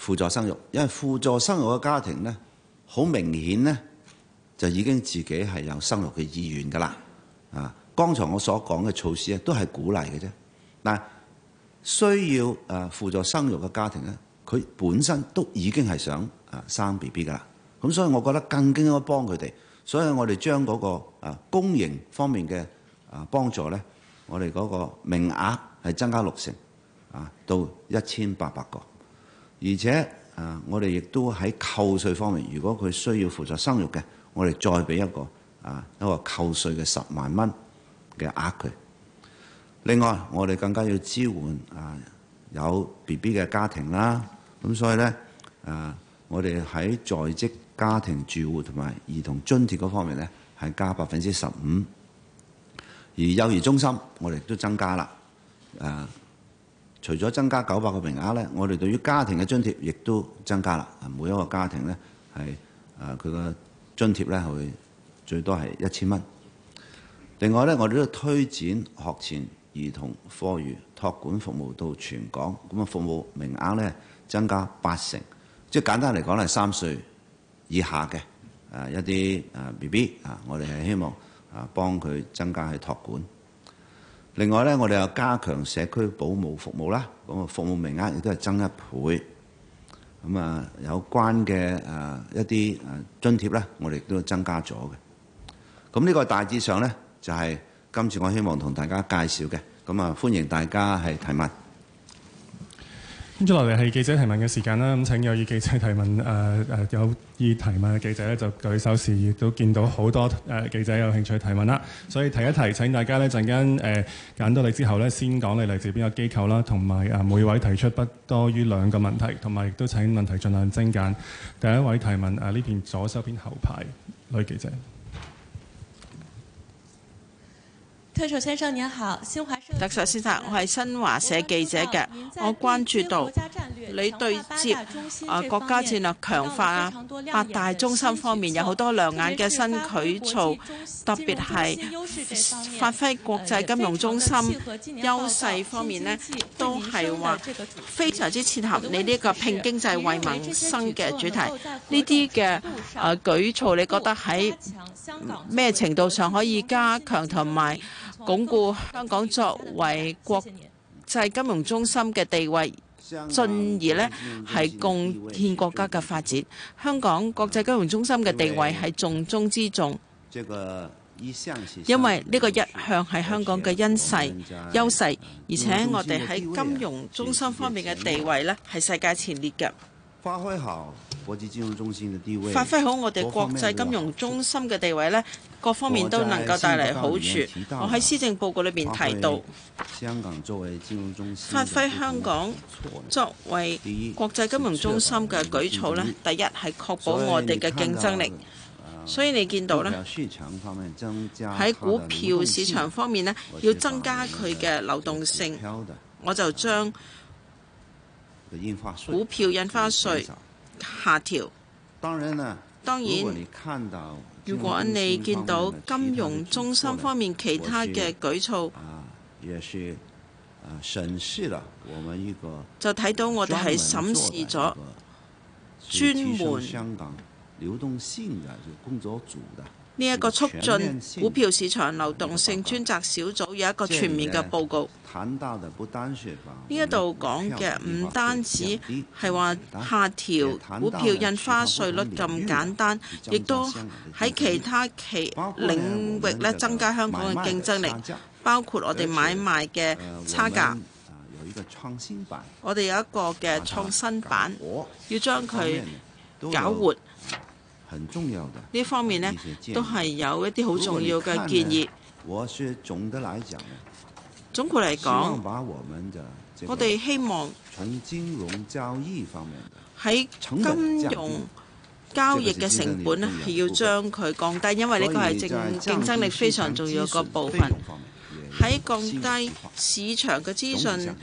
輔助生育，因為輔助生育嘅家庭呢，好明顯咧，就已經自己係有生育嘅意願噶啦。啊，剛才我所講嘅措施都係鼓勵嘅啫。但需要誒輔助生育嘅家庭咧，佢本身都已經係想生 B B 噶啦。咁所以，我覺得更應該幫佢哋。所以我哋將嗰個公營方面嘅誒幫助咧，我哋嗰個名額係增加六成，啊，到一千八百個，而且。啊！我哋亦都喺扣稅方面，如果佢需要負責生育嘅，我哋再俾一個啊一個扣稅嘅十萬蚊嘅額佢。另外，我哋更加要支援啊有 BB 嘅家庭啦。咁所以呢，啊，我哋喺在，在職家庭住戶同埋兒童津貼嗰方面呢，係加百分之十五。而幼兒中心，我哋都增加啦啊！除咗增加九百個名額呢，我哋對於家庭嘅津貼亦都增加啦。每一個家庭呢，係啊佢個津貼呢係最多係一千蚊。另外呢，我哋都推展學前兒童課餘托管服務到全港，咁啊服務名額呢，增加八成。即係簡單嚟講咧，三歲以下嘅啊一啲啊 B B 啊，我哋係希望啊幫佢增加去托管。另外呢，我哋又加強社區保姆服務啦，咁啊服務名額亦都係增一倍，咁啊有關嘅誒一啲誒津貼咧，我哋亦都增加咗嘅。咁呢個大致上咧，就係今次我希望同大家介紹嘅，咁啊歡迎大家係提問。跟住落嚟係記者提問嘅時間啦，咁請有意記者提問，誒、呃、誒有意提問嘅記者咧就舉手示意，都見到好多誒、呃、記者有興趣提問啦，所以提一提，請大家咧陣間誒揀到你之後咧先講你嚟自邊個機構啦，同埋啊每位提出不多於兩個問題，同埋亦都請問題儘量精簡。第一位提問誒呢、啊、邊左手邊後排女記者。特首先生你好，新華社。特首先生，我係新華社記者嘅，我關注到你對接國家戰略強化啊八,八,八大中心方面有好多亮眼嘅新舉措，特別係發揮國際金融中心優勢方面呢，都係話非常之切合你呢、呢個拼經濟為民生嘅主題。呢啲嘅舉措，你覺得喺咩程度上可以加強同埋鞏固香港作為國際金融中心嘅地位，進而呢係貢獻國家嘅發展。香港國際金融中心嘅地位係重中之重，因為呢個一向係香港嘅優勢，優勢，而且我哋喺金融中心方面嘅地位呢係世界前列嘅。發揮好國際金融中心嘅地位，發揮好我哋國際金融中心嘅地位呢，各方面都能夠帶嚟好處。我喺施政報告裏面提到，香港作為金融中心，發揮香港作為國際金融中心嘅舉措呢，第一係確，確保我哋嘅競爭力。所以你見到，到、啊、到呢，喺股票市場方面呢，增它的的的要增加佢嘅流動性。我就將股票印花稅下調。當然呢，當如果你看到，如果你見到金融中心方面其他嘅舉措，啊啊、就睇到我哋係審視咗，專門呢一個促進股票市場流動性專責小組有一個全面嘅報告。呢一度講嘅唔單止係話下調股票印花稅率咁簡單，亦都喺其他其領域咧增加香港嘅競爭力，包括我哋買賣嘅差價。我哋有一個嘅創新板，要將佢搞活。很重要的呢方面呢，都係有一啲好重要嘅建議。我是總的來講呢，總括嚟講，這個、希望我哋希望喺金融交易方面的、這個、金融交易嘅成本係要將佢降低，因為呢個係競競爭力非常重要嘅部分。喺降低市場嘅資訊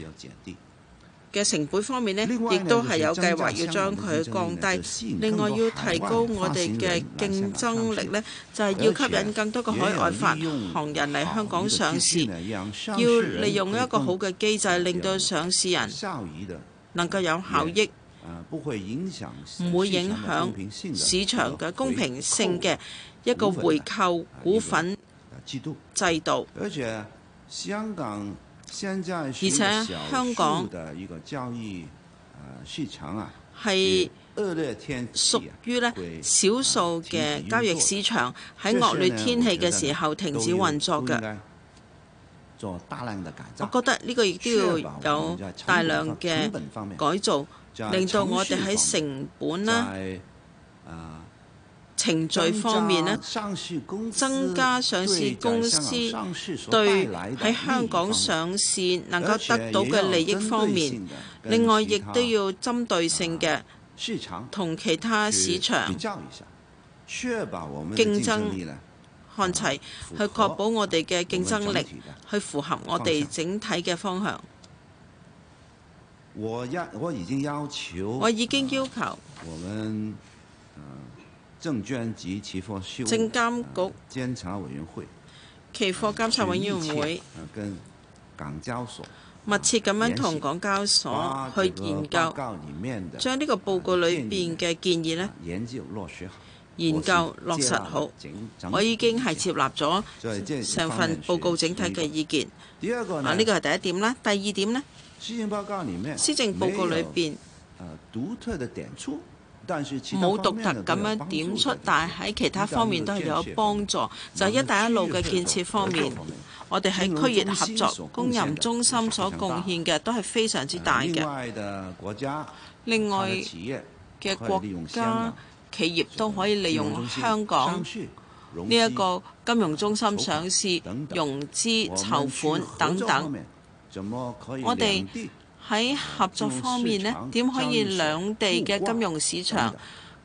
嘅成本方面呢，亦都係有計劃要將佢降低。另外要提高我哋嘅競爭力呢，就係、是、要吸引更多嘅海外發行人嚟、就是、香港上市。要利用一個好嘅機制，令到上市人能夠有效益，唔會影響市場嘅公平性嘅一個回購股份制度。而且香港的一個交易，市場啊，係惡劣天氣、啊、屬於呢少數嘅交易市場喺、啊、惡劣天氣嘅時候停止運作嘅。我覺得呢個亦都要有大量嘅改造，令到我哋喺成本呢，就是程序方面呢，增加上市公司對喺香港上市能夠得到嘅利益方面，另外亦都要針對性嘅同其他市場競爭看齊，去確保我哋嘅競爭力，去符合我哋整體嘅方向。我已經要求。我已經要求。證券監局監察委員會，期貨監察委員會，跟港交所密切咁樣同港交所去研究，將呢個報告裏邊嘅建議呢，研究落實好，我已經係接納咗成份報告整體嘅意見。啊，呢個係第一點啦。第二點呢？施政報告裡面，施政報告裏邊，呃，特的點冇獨特咁樣點出，但係喺其他方面都係有幫助。就係一帶一路嘅建設方面，我哋喺區域合作、供應中心所貢獻嘅都係非常之大嘅。另外嘅國家企業都可以利用香港呢一個金融中心上市、融資籌款等等。我哋喺合作方面呢，點可以兩地嘅金融市場、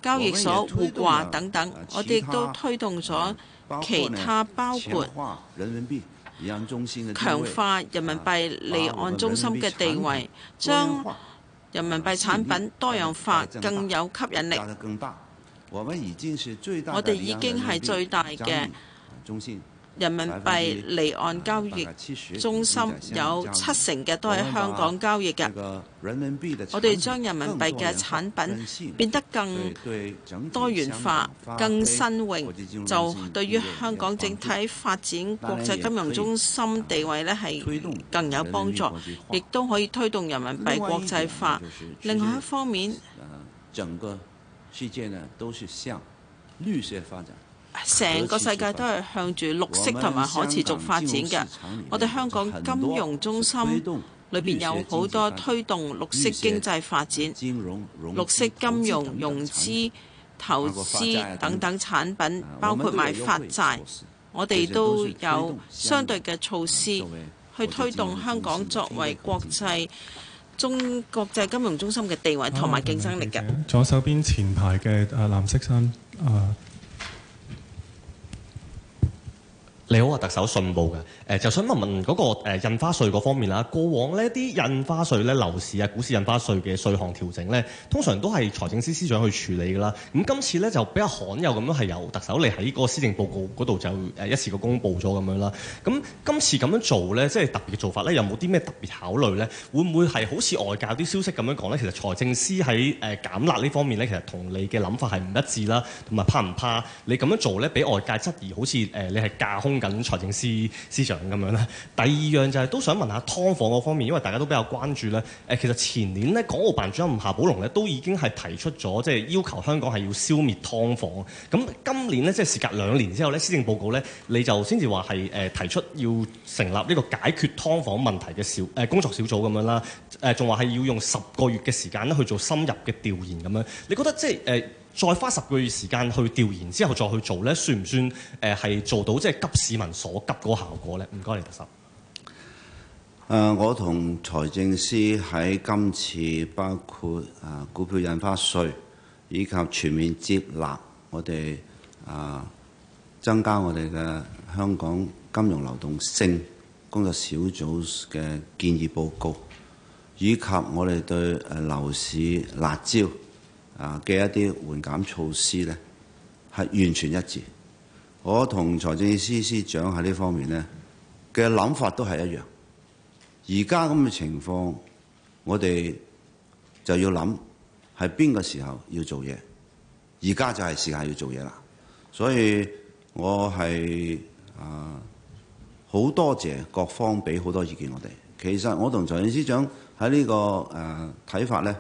交易所互掛等等，我哋亦都推動咗其，其他，包括強化人民幣離岸中心嘅地位，將人民幣產品多樣化，樣化更有吸引力。我哋已經係最大嘅。人民幣離岸交易中心有七成嘅都係香港交易嘅，我哋將人民幣嘅產品變得更多元化、更新穎，就對於香港整體發展國際金融中心地位咧，係更有幫助，亦都可以推動人民幣國際化。另外一方面，整個世界呢都是向綠色發展。成個世界都係向住綠色同埋可持續發展嘅。我哋香港金融中心裏邊有好多推動綠色經濟發展、綠色金融融資、投資等等產品，包括埋發債，我哋都有相對嘅措施去推動香港作為國際中，國際金融中心嘅地位同埋競爭力嘅。左手邊前排嘅啊藍色衫。你好啊，特首信報嘅，誒就想問問嗰個印花稅嗰方面啦。過往呢啲印花稅咧樓市啊、股市印花稅嘅稅項調整咧，通常都係財政司司長去處理噶啦。咁今次咧就比較罕有咁樣係由特首嚟喺嗰個施政報告嗰度就誒一次過公布咗咁樣啦。咁今次咁樣做咧，即係特別嘅做法咧，有冇啲咩特別考慮咧？會唔會係好似外界啲消息咁樣講咧？其實財政司喺誒減辣呢方面咧，其實同你嘅諗法係唔一致啦，同埋怕唔怕你咁樣做咧，俾外界質疑好似誒你係架空？緊財政司司長咁樣啦。第二樣就係、是、都想問一下㓥房嗰方面，因為大家都比較關注咧。誒，其實前年咧，港澳辦主任夏寶龍咧都已經係提出咗，即、就、係、是、要求香港係要消滅劏房。咁今年咧，即係時隔兩年之後咧，施政報告咧，你就先至話係誒提出要成立呢個解決劏房問題嘅小誒、呃、工作小組咁樣啦。誒、呃，仲話係要用十個月嘅時間咧去做深入嘅調研咁樣。你覺得即係誒？呃再花十個月時間去調研之後再去做呢，算唔算誒係、呃、做到即係急市民所急嗰個效果呢？唔該，你特首、呃。我同財政司喺今次包括誒、呃、股票印花稅，以及全面接納我哋誒、呃、增加我哋嘅香港金融流動性工作小組嘅建議報告，以及我哋對誒、呃、樓市辣招。啊嘅一啲緩減措施咧，係完全一致。我同財政司司長喺呢方面咧嘅諗法都係一樣。而家咁嘅情況，我哋就要諗係邊個時候要做嘢。而家就係時下要做嘢啦。所以我係啊好多謝各方俾好多意見我哋。其實我同財政司長喺呢個誒睇法咧。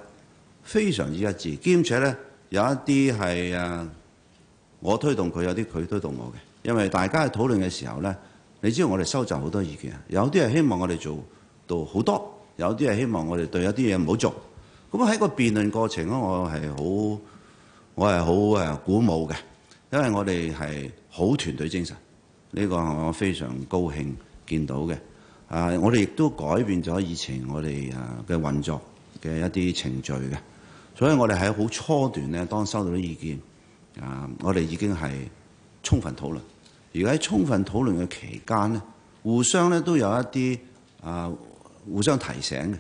非常之一致，兼且咧有一啲係啊，我推動佢，有啲佢推動我嘅。因為大家去討論嘅時候咧，你知道我哋收集好多意見，啊。有啲係希望我哋做到好多，有啲係希望我哋對一啲嘢唔好做。咁喺個辯論過程咧，我係好，我係好誒鼓舞嘅，因為我哋係好團隊精神，呢個係我非常高興見到嘅。啊，我哋亦都改變咗以前我哋啊嘅運作嘅一啲程序嘅。所以我哋喺好初段咧，當收到啲意見，啊，我哋已經係充分討論。而喺充分討論嘅期間咧，互相咧都有一啲啊、呃，互相提醒嘅，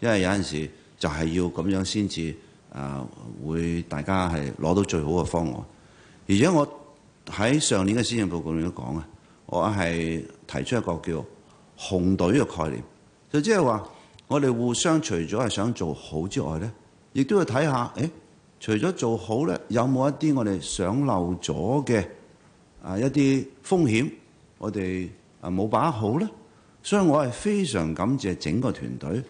因為有陣時就係要咁樣先至啊，會大家係攞到最好嘅方案。而且我喺上年嘅施政報告裏面都講啊，我係提出一個叫紅隊嘅概念，就即係話我哋互相除咗係想做好之外咧。亦都要睇下，誒、哎，除咗做好咧，有冇一啲我哋想漏咗嘅啊一啲風險，我哋啊冇把握好咧。所以我係非常感謝整個團隊。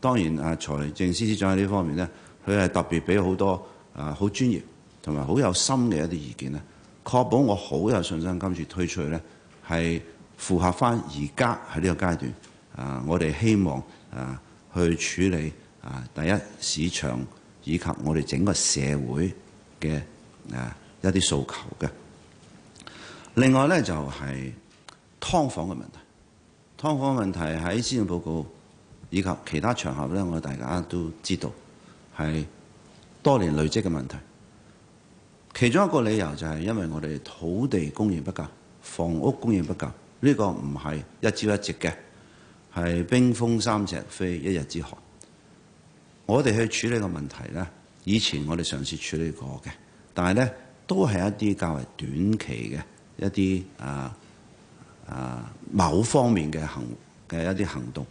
當然啊，財政司司長喺呢方面咧，佢係特別俾好多啊好專業同埋好有心嘅一啲意見咧，確保我好有信心今次推出去咧係符合翻而家喺呢個階段啊，我哋希望啊去處理。啊！第一市場以及我哋整個社會嘅啊一啲訴求嘅。另外呢，就係、是、劏房嘅問題，劏房嘅問題喺施政報告以及其他場合呢，我哋大家都知道係多年累積嘅問題。其中一個理由就係因為我哋土地供應不夠，房屋供應不夠，呢、這個唔係一朝一夕嘅，係冰封三尺非一日之寒。我哋去處理個問題呢，以前我哋嘗試處理過嘅，但係呢都係一啲較為短期嘅一啲啊啊某方面嘅行嘅一啲行動，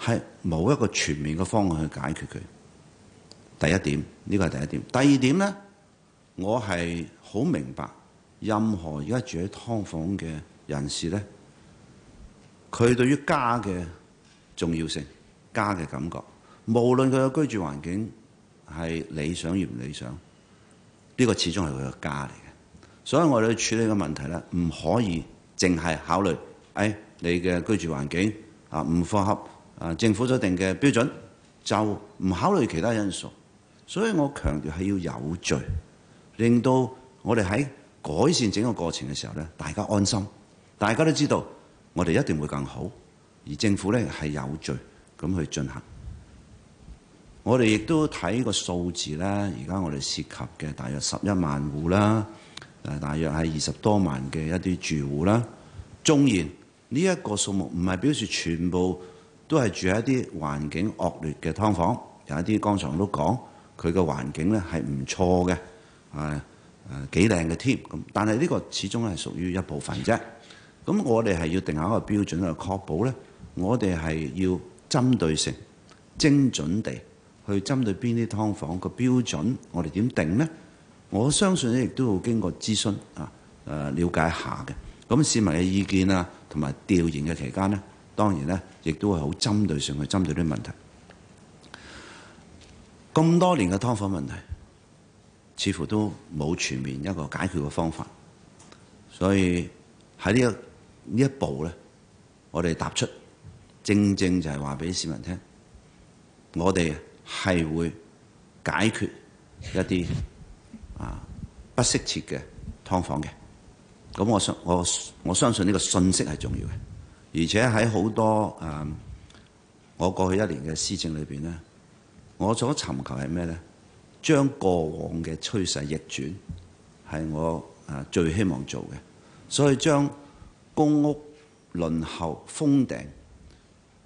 係冇一個全面嘅方案去解決佢。第一點，呢個係第一點。第二點呢，我係好明白任何而家住喺劏房嘅人士呢，佢對於家嘅重要性、家嘅感覺。無論佢嘅居住環境係理想與唔理想，呢個始終係佢嘅家嚟嘅，所以我哋處理嘅問題咧，唔可以淨係考慮誒你嘅居住環境啊，唔符合啊政府所定嘅標準，就唔考慮其他因素。所以我強調係要有序，令到我哋喺改善整個過程嘅時候咧，大家安心，大家都知道我哋一定會更好，而政府咧係有序咁去進行。我哋亦都睇個數字啦。而家我哋涉及嘅大約十一萬戶啦，誒，大約係二十多萬嘅一啲住戶啦。縱然呢一個數目唔係表示全部都係住喺一啲環境惡劣嘅劏房，有一啲剛才都講佢個環境咧係唔錯嘅，誒誒幾靚嘅添。咁但係呢個始終係屬於一部分啫。咁我哋係要定下一個標準去確保呢。我哋係要針對性、精準地。去針對邊啲劏房個標準，我哋點定呢？我相信咧，亦都要經過諮詢啊，誒、呃，瞭解一下嘅。咁市民嘅意見啊，同埋調研嘅期間呢，當然呢，亦都會好針對性去針對啲問題。咁多年嘅劏房問題，似乎都冇全面一個解決嘅方法，所以喺呢一呢一步呢，我哋踏出，正正就係話俾市民聽，我哋、啊，係會解決一啲啊不適切嘅劏房嘅，咁我想我我相信呢個信息係重要嘅，而且喺好多啊、嗯、我過去一年嘅施政裏邊呢，我所尋求係咩呢？將過往嘅趨勢逆轉係我啊最希望做嘅，所以將公屋輪候封頂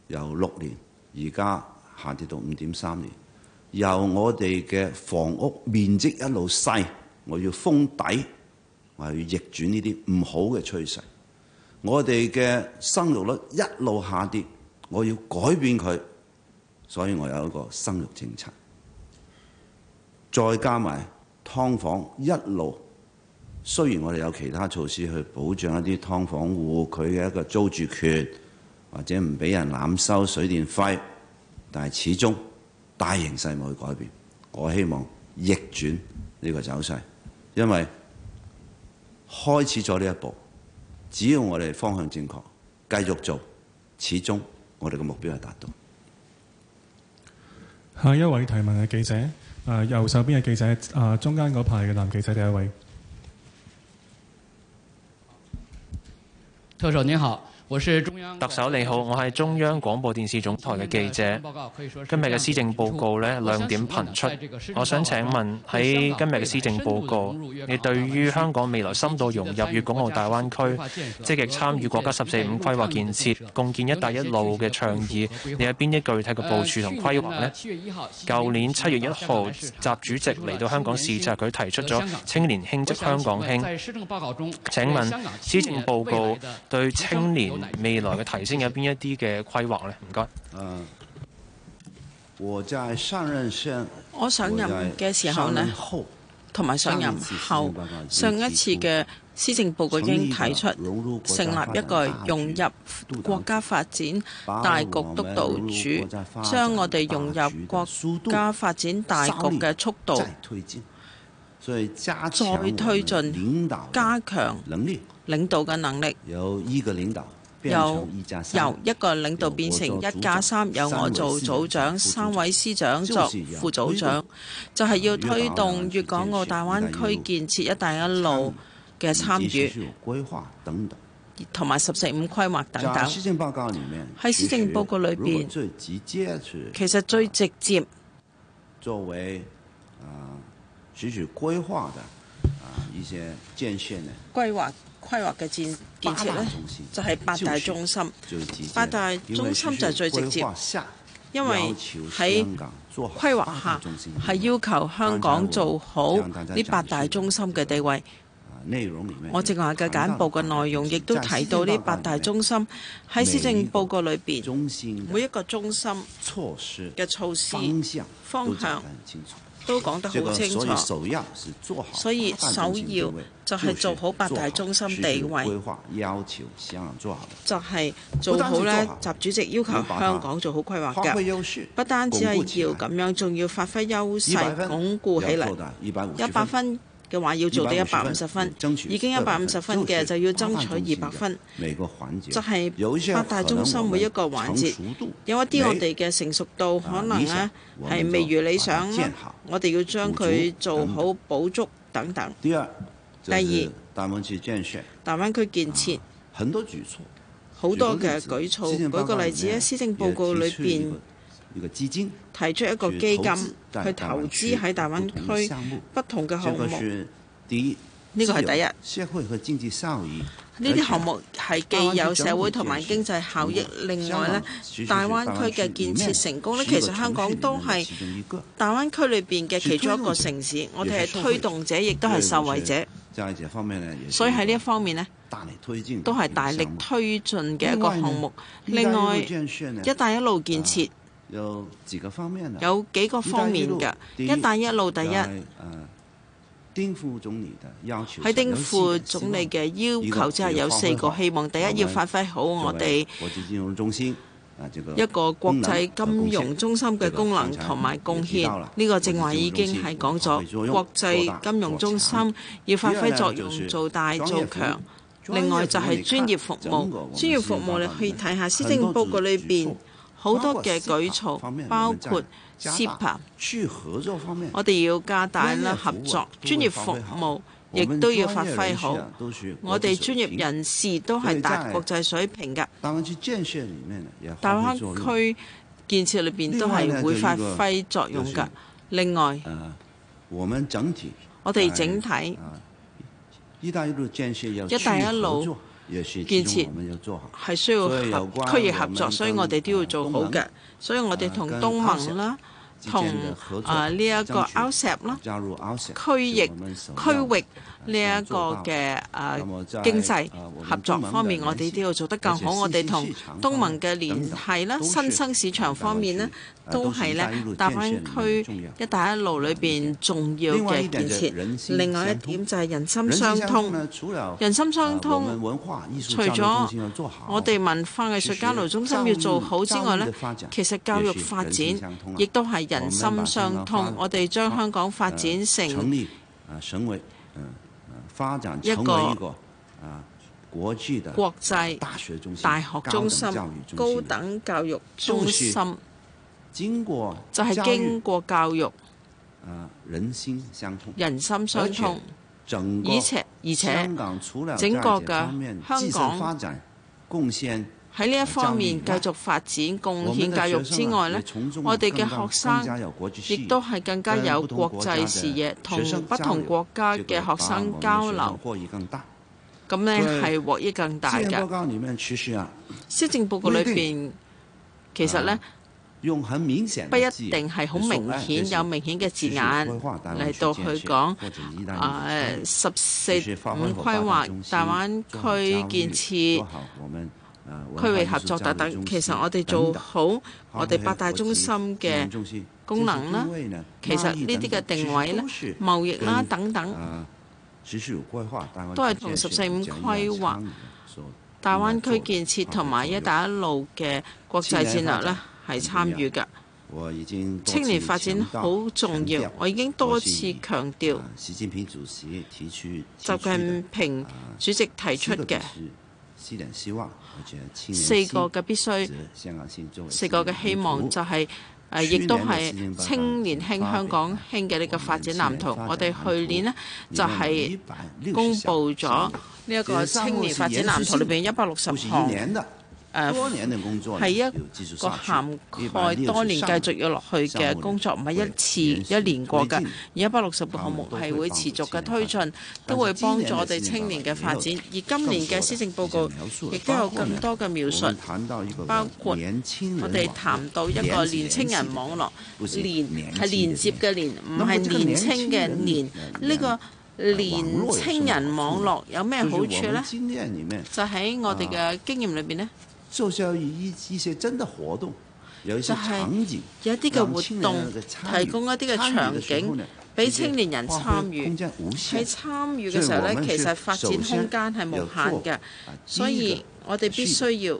由六年而家。下跌到五點三年，由我哋嘅房屋面積一路細，我要封底，我要逆轉呢啲唔好嘅趨勢。我哋嘅生育率一路下跌，我要改變佢，所以我有一個生育政策。再加埋劏房一路，雖然我哋有其他措施去保障一啲劏房戶佢嘅一個租住權，或者唔俾人濫收水電費。但係始終大形勢冇去改變，我希望逆轉呢個走勢，因為開始咗呢一步，只要我哋方向正確，繼續做，始終我哋嘅目標係達到。下一位提問嘅記者，啊、呃、右手邊嘅記者，啊、呃、中間嗰排嘅男記者第一位。特首您好。特首你好，我係中央廣播電視總台嘅記者。今日嘅施政報告呢，亮點頻出。我想請問喺今日嘅施政報告，你對於香港未來深度融入粵港澳大灣區，積極參與國家十四五規劃建設，共建一帶一路嘅倡議，你有邊啲具體嘅部署同規劃呢？舊年七月一號，習主席嚟到香港視察，佢提出咗青年興則香港興。請問施政報告對青年未來嘅提升有邊一啲嘅規劃呢？唔該。我想上任嘅時候呢，同埋上，上任後，上一次嘅施政報告已經提出成立一個融入國家發展大局督導組，將我哋融入國家發展大局嘅速度，再推進，加強領導嘅能力，能力有依個領導。由由一個領導變成一加三，由我做組長，三位司長作副組長，就係要推動粵港澳大灣區建設“一帶一路”的參與，同埋“十四五”規劃等等，喺施政報告裏邊，其實最直接，啊，作為，啊主軸規劃的啊一些建設呢？規劃。規劃嘅建建設呢，就係、是、八大中心。八大中心就係最直接，因為喺規劃下係要求香港做好呢八大中心嘅地位。我正話嘅簡報嘅內容亦都提到呢八大中心喺施政報告裏邊，每一個中心嘅措施方向。都講得好清楚，所以首要就係做好八大中心地位。就係做好呢，習主席要求香港做好規劃嘅，不單止係要噉樣，仲要發揮優勢，鞏固起嚟，一百分嘅話要做到一百五十分，已經一百五十分嘅就要爭取二百分，就係、是、八大中心每一個環節，有一啲我哋嘅成熟度可能咧、啊、係未如理想，我哋要將佢做好補足等等。第二，大灣區建設，好多嘅舉措，舉個例子咧，施政報告裏邊。提出一個基金去投資喺大灣區不同嘅項目。呢個係第一。呢啲項目係既有社會同埋經濟效益。另外呢，大灣區嘅建設成功呢，其實香港都係大灣區裏邊嘅其中一個城市，我哋係推動者，亦都係受惠者。所以喺呢一方面呢，都係大力推進嘅一個項目。另外，一帶一路建設。有幾個方面啦，有幾個方面嘅“一帶一路”，第一，誒，丁副總理嘅要求，喺丁副總理嘅要求之下有四個希望。第一，要發揮好我哋一個國際金融中心嘅功能同埋貢獻。呢個正話已經係講咗國際金融中心要發揮作用，做大做強。另外就係專業服務，專業服務你去睇下施政報告裏邊。好多嘅舉措，包括 s u 我哋要加大咧合作專業服務，亦都要發揮好。我哋專業人士都係達國際水平嘅，大灣區建設裏面都係會發揮作用嘅。另外，就是，我哋整體，一帶一路建要也我們做好建設係需要合區域合作，所以我哋都要做好嘅。所以我哋同東盟啦，同啊呢一個 Outset 啦，區域區域。呢、這、一個嘅誒經濟合作方面，我哋都要做得更好。我哋同東盟嘅聯繫啦、新生市場方面呢，都係呢大灣區一帶一路裏邊重要嘅建設。另外一點就係人心相通，人心相通。除咗我哋文化藝術交流中心要做好之外呢，其實教育發展亦都係人心相通。我哋將香港發展成，發展成為一個，一個國際的國際大學中心、大學中心、高等教育中心。經過就係經過教育，人心相通，人心相通，而且而且，香港除了教育方面，自身發展，貢獻。喺呢一方面繼續發展貢獻教育之外呢，我哋嘅學生亦都係更加有國際視野，同不同國家嘅學生交流，咁呢係獲益更大嘅。施政報告裏面，其實呢不一定係好明顯有明顯嘅字眼嚟到去講十四五規劃、大灣區建設。區域合作等等，其實我哋做好我哋八大中心嘅功能啦，其實呢啲嘅定位啦、貿易啦等等，都係同十四五規劃、大灣區建設同埋一帶一路嘅國際戰略呢係參與㗎。青年發展好重要，我已經多次強調，習近平主席提出嘅。四個嘅必須，四個嘅希望就係、是，誒、就是，亦、啊、都係青年興香港興嘅呢個發展藍圖。藍圖我哋去年呢，就係公佈咗呢一個青年發展藍圖，裏邊一百六十項。係、啊、一個涵蓋多年繼續要落去嘅工作，唔係一次一年過㗎。而一百六十個項目係會持續嘅推進，都會幫助我哋青年嘅發展。而今年嘅施政報告亦都有更多嘅描述，包括我哋談到一個年青人網絡，連係連接嘅連，唔係年青嘅年。呢、這個年青人網絡有咩好處呢？就喺我哋嘅經驗裏邊呢。做少於一一些真的活動，有一些場景，有啲嘅活動提供一啲嘅場景，俾青年人參與。喺參與嘅時候咧，其實發展空間係無限嘅，所以我哋必須要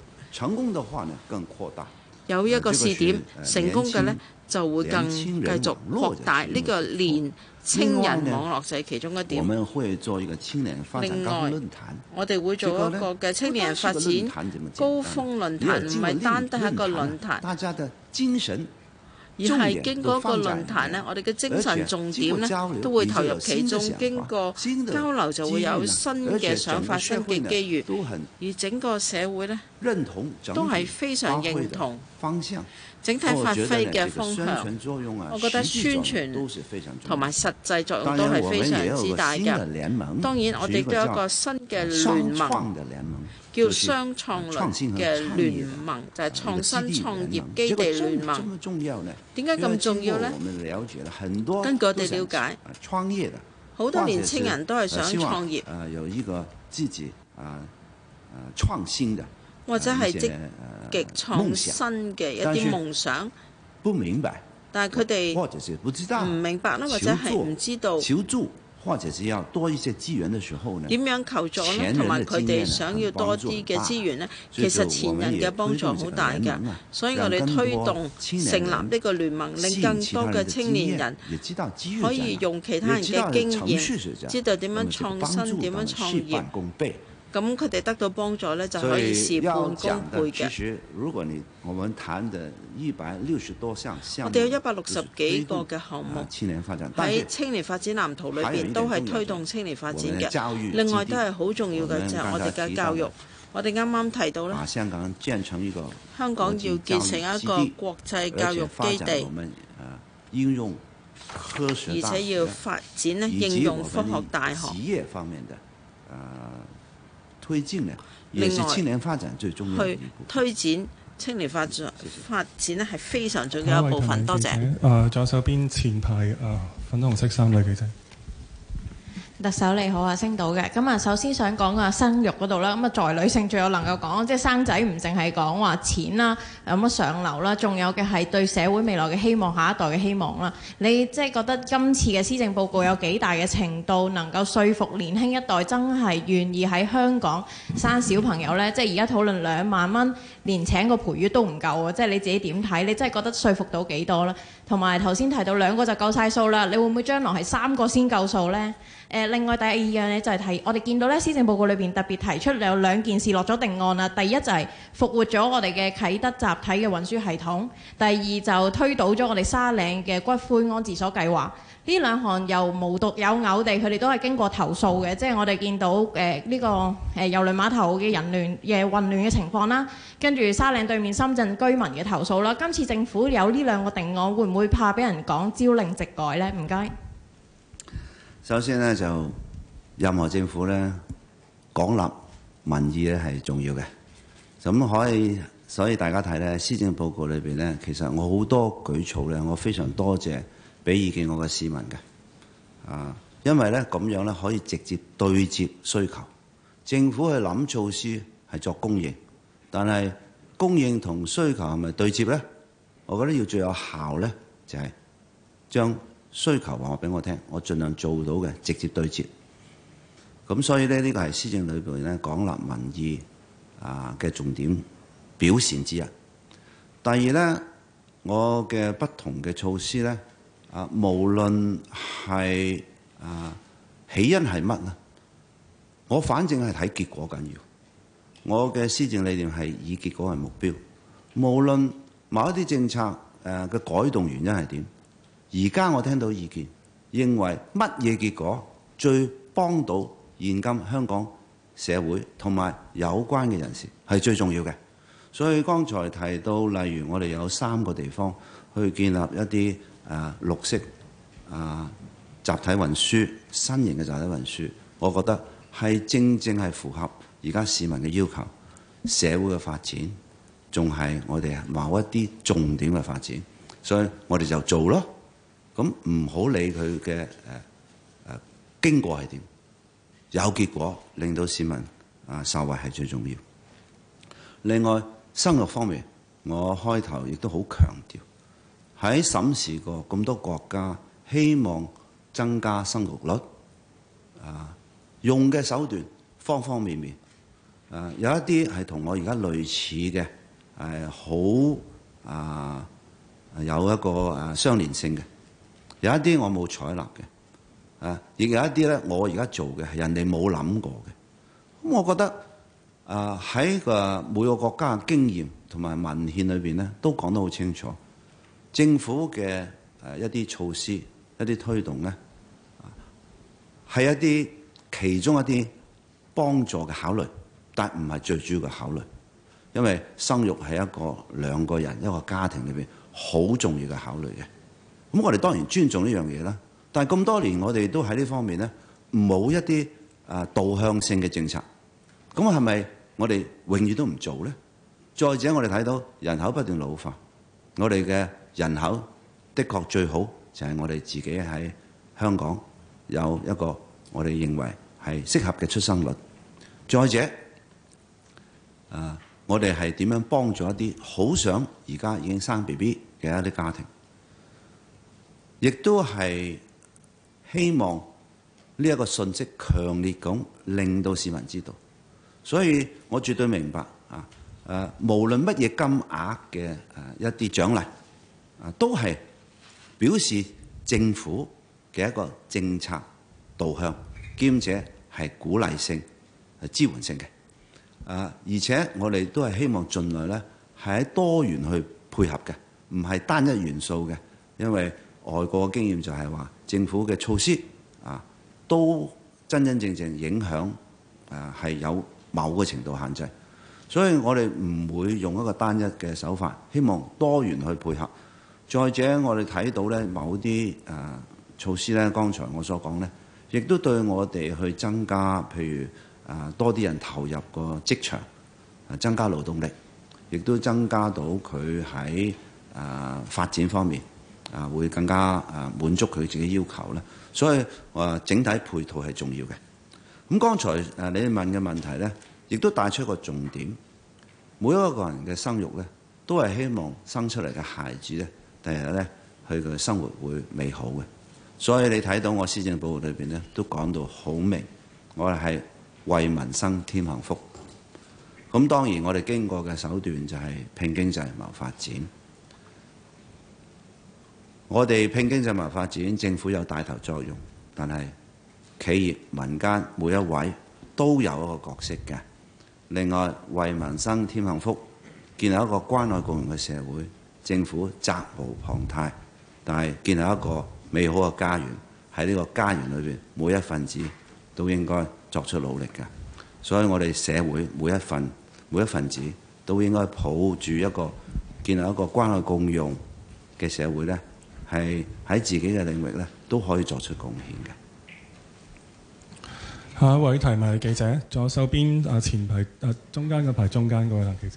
有一個試點，成功嘅咧、啊這個、就會更繼續擴大呢個連。年青年網絡就係其中一點。另外，我哋會做一個嘅青年發展高峰論壇。我哋會做一個嘅青年發展高峰論壇，唔係單單一個論壇。大家的精神，而係經過一個論壇呢，我哋嘅精神重點呢都會投入其中。經過交流就會有新嘅想法、新嘅機遇而，而整個社會呢都係非常認同方向。整體發揮嘅方向，我覺得宣傳同埋實際作用都係非常之大嘅。當然，我哋都有一個新嘅聯盟，盟，叫雙創聯嘅聯盟，就係、是、創新創、就是、業基地聯盟。點解咁重要呢？根據我哋瞭解，根據我哋瞭解，創業嘅，好多年青人都係想創業。啊，有一個自己啊啊創新嘅，或者係積。即極創新嘅一啲夢想，不明白，但係佢哋唔明白啦，或者係唔知道。求助，或者係要多一些資源嘅時候呢？點樣求助呢？同埋佢哋想要多啲嘅資源呢？其實前人嘅幫助好大噶，所以我哋推動成立呢個聯盟，令更多嘅青年人，青年人可以用其他人嘅經驗，知道點樣創新，點樣創業。咁佢哋得到幫助咧，就可以事半功倍嘅。如果你我們談的，一百六十多項項，我哋有一百六十幾個嘅項目，喺青年發展，喺青年發展藍圖裏邊都係推動青年發展嘅。另外都係好重要嘅就係我哋嘅教育。我哋啱啱提到啦，香港建成一個香港要建成一個國際教育基地，而且應用科學，而且要發展咧應用科學大學，以及方面的啊。推進嘅，也是青年發展最重要。去推展青年發展是是發展咧，係非常重要一部分。啊、多謝。誒、啊，左手邊前排誒、啊，粉紅色衫女記者。特首你好啊，星島嘅咁啊，首先想講啊生育嗰度啦，咁啊在女性，最有能夠講，即係生仔唔淨係講話錢啦，有乜上樓啦，仲有嘅係對社會未來嘅希望，下一代嘅希望啦。你即係覺得今次嘅施政報告有幾大嘅程度能夠説服年輕一代真係願意喺香港生小朋友呢？即係而家討論兩萬蚊。連請個陪月都唔夠啊！即係你自己點睇？你真係覺得說服到幾多咧？同埋頭先提到兩個就夠晒數啦。你會唔會將來係三個先夠數呢？誒、呃，另外第二樣咧就係提，我哋見到咧施政報告裏邊特別提出有兩件事落咗定案啦。第一就係復活咗我哋嘅啟德集體嘅運輸系統，第二就推倒咗我哋沙嶺嘅骨灰安置所計劃。呢兩項又無獨有偶地，佢哋都係經過投訴嘅，即係我哋見到誒呢個誒郵輪碼頭嘅人亂嘢混亂嘅情況啦，跟住沙嶺對面深圳居民嘅投訴啦。今次政府有呢兩個定案，會唔會怕俾人講朝令夕改呢？唔該。首先呢，就任何政府呢，廣納民意咧係重要嘅。咁可以，所以大家睇呢，施政報告裏邊呢，其實我好多舉措呢，我非常多謝。俾意見我嘅市民嘅啊，因為咧咁樣咧可以直接對接需求。政府去諗措施係作供應，但係供應同需求係咪對接咧？我覺得要最有效咧，就係、是、將需求話俾我聽，我盡量做到嘅直接對接。咁所以呢，這個、是呢個係施政裏邊咧，廣納民意啊嘅重點表現之一。第二咧，我嘅不同嘅措施咧。論是啊！無論係啊起因係乜呢，我反正係睇結果緊要。我嘅施政理念係以結果為目標，無論某一啲政策誒嘅改動原因係點，而家我聽到意見，認為乜嘢結果最幫到現今香港社會同埋有關嘅人士係最重要嘅。所以剛才提到，例如我哋有三個地方去建立一啲。啊、呃！綠色啊、呃！集體運輸，新型嘅集體運輸，我覺得係正正係符合而家市民嘅要求，社會嘅發展，仲係我哋某一啲重點嘅發展，所以我哋就做咯。咁唔好理佢嘅誒誒經過係點，有結果令到市民啊、呃、受惠係最重要。另外生活方面，我開頭亦都好強調。喺審視過咁多國家，希望增加生育率啊，用嘅手段方方面面啊，有一啲係同我而家類似嘅，係、啊、好啊有一個啊相連性嘅。有一啲我冇採納嘅啊，亦有一啲咧，我而家做嘅係人哋冇諗過嘅。咁我覺得啊，喺個每個國家嘅經驗同埋文獻裏邊咧，都講得好清楚。政府嘅誒一啲措施、一啲推動咧，係一啲其中一啲幫助嘅考慮，但唔係最主要嘅考慮，因為生育係一個兩個人一個家庭裏面好重要嘅考慮嘅。咁我哋當然尊重呢樣嘢啦，但係咁多年我哋都喺呢方面咧冇一啲誒導向性嘅政策，咁係咪我哋永遠都唔做咧？再者我哋睇到人口不斷老化，我哋嘅人口的確最好就係我哋自己喺香港有一個我哋認為係適合嘅出生率。再者，啊，我哋係點樣幫助一啲好想而家已經生 BB 嘅一啲家庭，亦都係希望呢一個訊息強烈咁令到市民知道。所以我絕對明白啊，誒，無論乜嘢金額嘅誒一啲獎勵。都係表示政府嘅一個政策導向，兼且係鼓勵性、係支援性嘅。啊，而且我哋都係希望盡量呢係喺多元去配合嘅，唔係單一元素嘅。因為外國嘅經驗就係話，政府嘅措施啊，都真真正正影響啊，係有某個程度限制。所以我哋唔會用一個單一嘅手法，希望多元去配合。再者，我哋睇到咧，某啲、呃、措施咧，剛才我所講咧，亦都對我哋去增加，譬如、呃、多啲人投入個職場、呃，增加勞動力，亦都增加到佢喺、呃、發展方面誒、呃、會更加、呃、滿足佢自己要求咧。所以、呃、整體配套係重要嘅。咁剛才、呃、你哋問嘅問題咧，亦都帶出一個重點，每一個人嘅生育咧，都係希望生出嚟嘅孩子咧。第日咧，佢嘅生活會美好嘅。所以你睇到我施政報告裏邊咧，都講到好明，我哋係為民生添幸福。咁當然，我哋經過嘅手段就係拼經濟謀發展。我哋拼經濟謀發展，政府有帶頭作用，但係企業、民間每一位都有一個角色嘅。另外，為民生添幸福，建立一個關愛共融嘅社會。政府責無旁貸，但係建立一個美好嘅家園，喺呢個家園裏邊，每一份子都應該作出努力嘅。所以我哋社會每一份每一份子都應該抱住一個建立一個關愛共用嘅社會呢，係喺自己嘅領域呢，都可以作出貢獻嘅。下一位提問嘅記者，左手邊啊前排啊中間嗰排中間嗰位啊記者。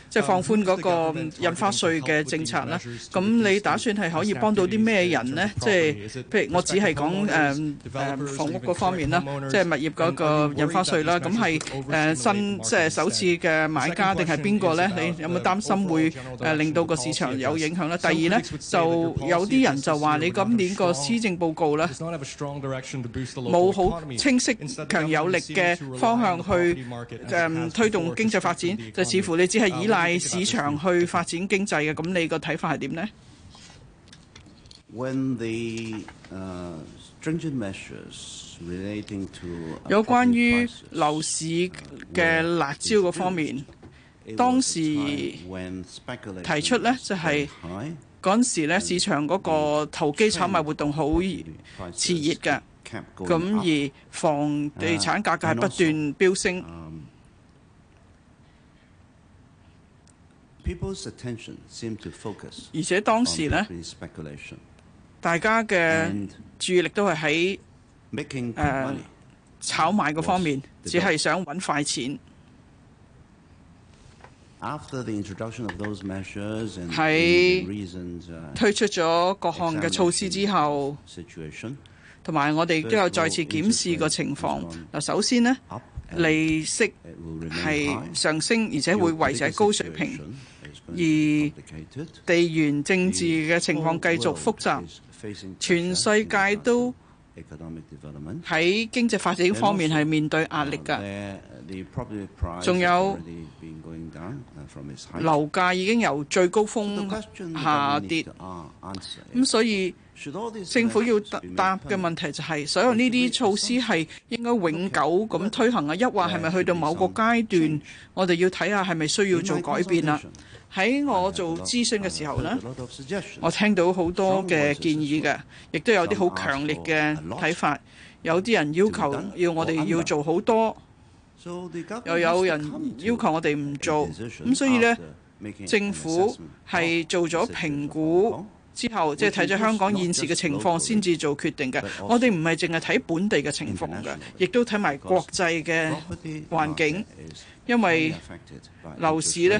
即係放寬嗰個印花稅嘅政策啦，咁你打算係可以幫到啲咩人咧？即係譬如我只係講誒誒房屋嗰方面啦，即係物業嗰個印花稅啦，咁係誒新即係首次嘅買家定係邊個咧？你有冇擔心會誒令到個市場有影響咧？第二咧，就有啲人就話你今年個施政報告咧冇好清晰強有力嘅方向去誒推動經濟發展，就似乎你只係依賴。大市場去發展經濟嘅，咁你個睇法係點呢？有關於樓市嘅辣招嗰方面，當時提出呢，就係嗰陣時呢，市場嗰個投機炒賣活動好熾熱嘅，咁而房地產價格係不斷飆升。而且當時呢，大家嘅注意力都係喺、啊、炒賣嗰方面，只係想揾快錢。喺推出咗各項嘅措施之後，同埋我哋都有再次檢視個情況。嗱，首先呢，利息係上升，而且會維持喺高水平。而地緣政治嘅情況繼續複雜，全世界都喺經濟發展方面係面對壓力㗎。仲有樓價已經由最高峰下跌，咁所以政府要答嘅問題就係：所有呢啲措施係應該永久咁推行啊？抑或係咪去到某個階段，我哋要睇下係咪需要做改變呀？喺我做諮詢嘅時候呢，我聽到好多嘅建議嘅，亦都有啲好強烈嘅睇法。有啲人要求要我哋要做好多，又有人要求我哋唔做。咁所以呢，政府係做咗評估之後，即係睇咗香港現時嘅情況先至做決定嘅。我哋唔係淨係睇本地嘅情況嘅，亦都睇埋國際嘅環境，因為樓市呢，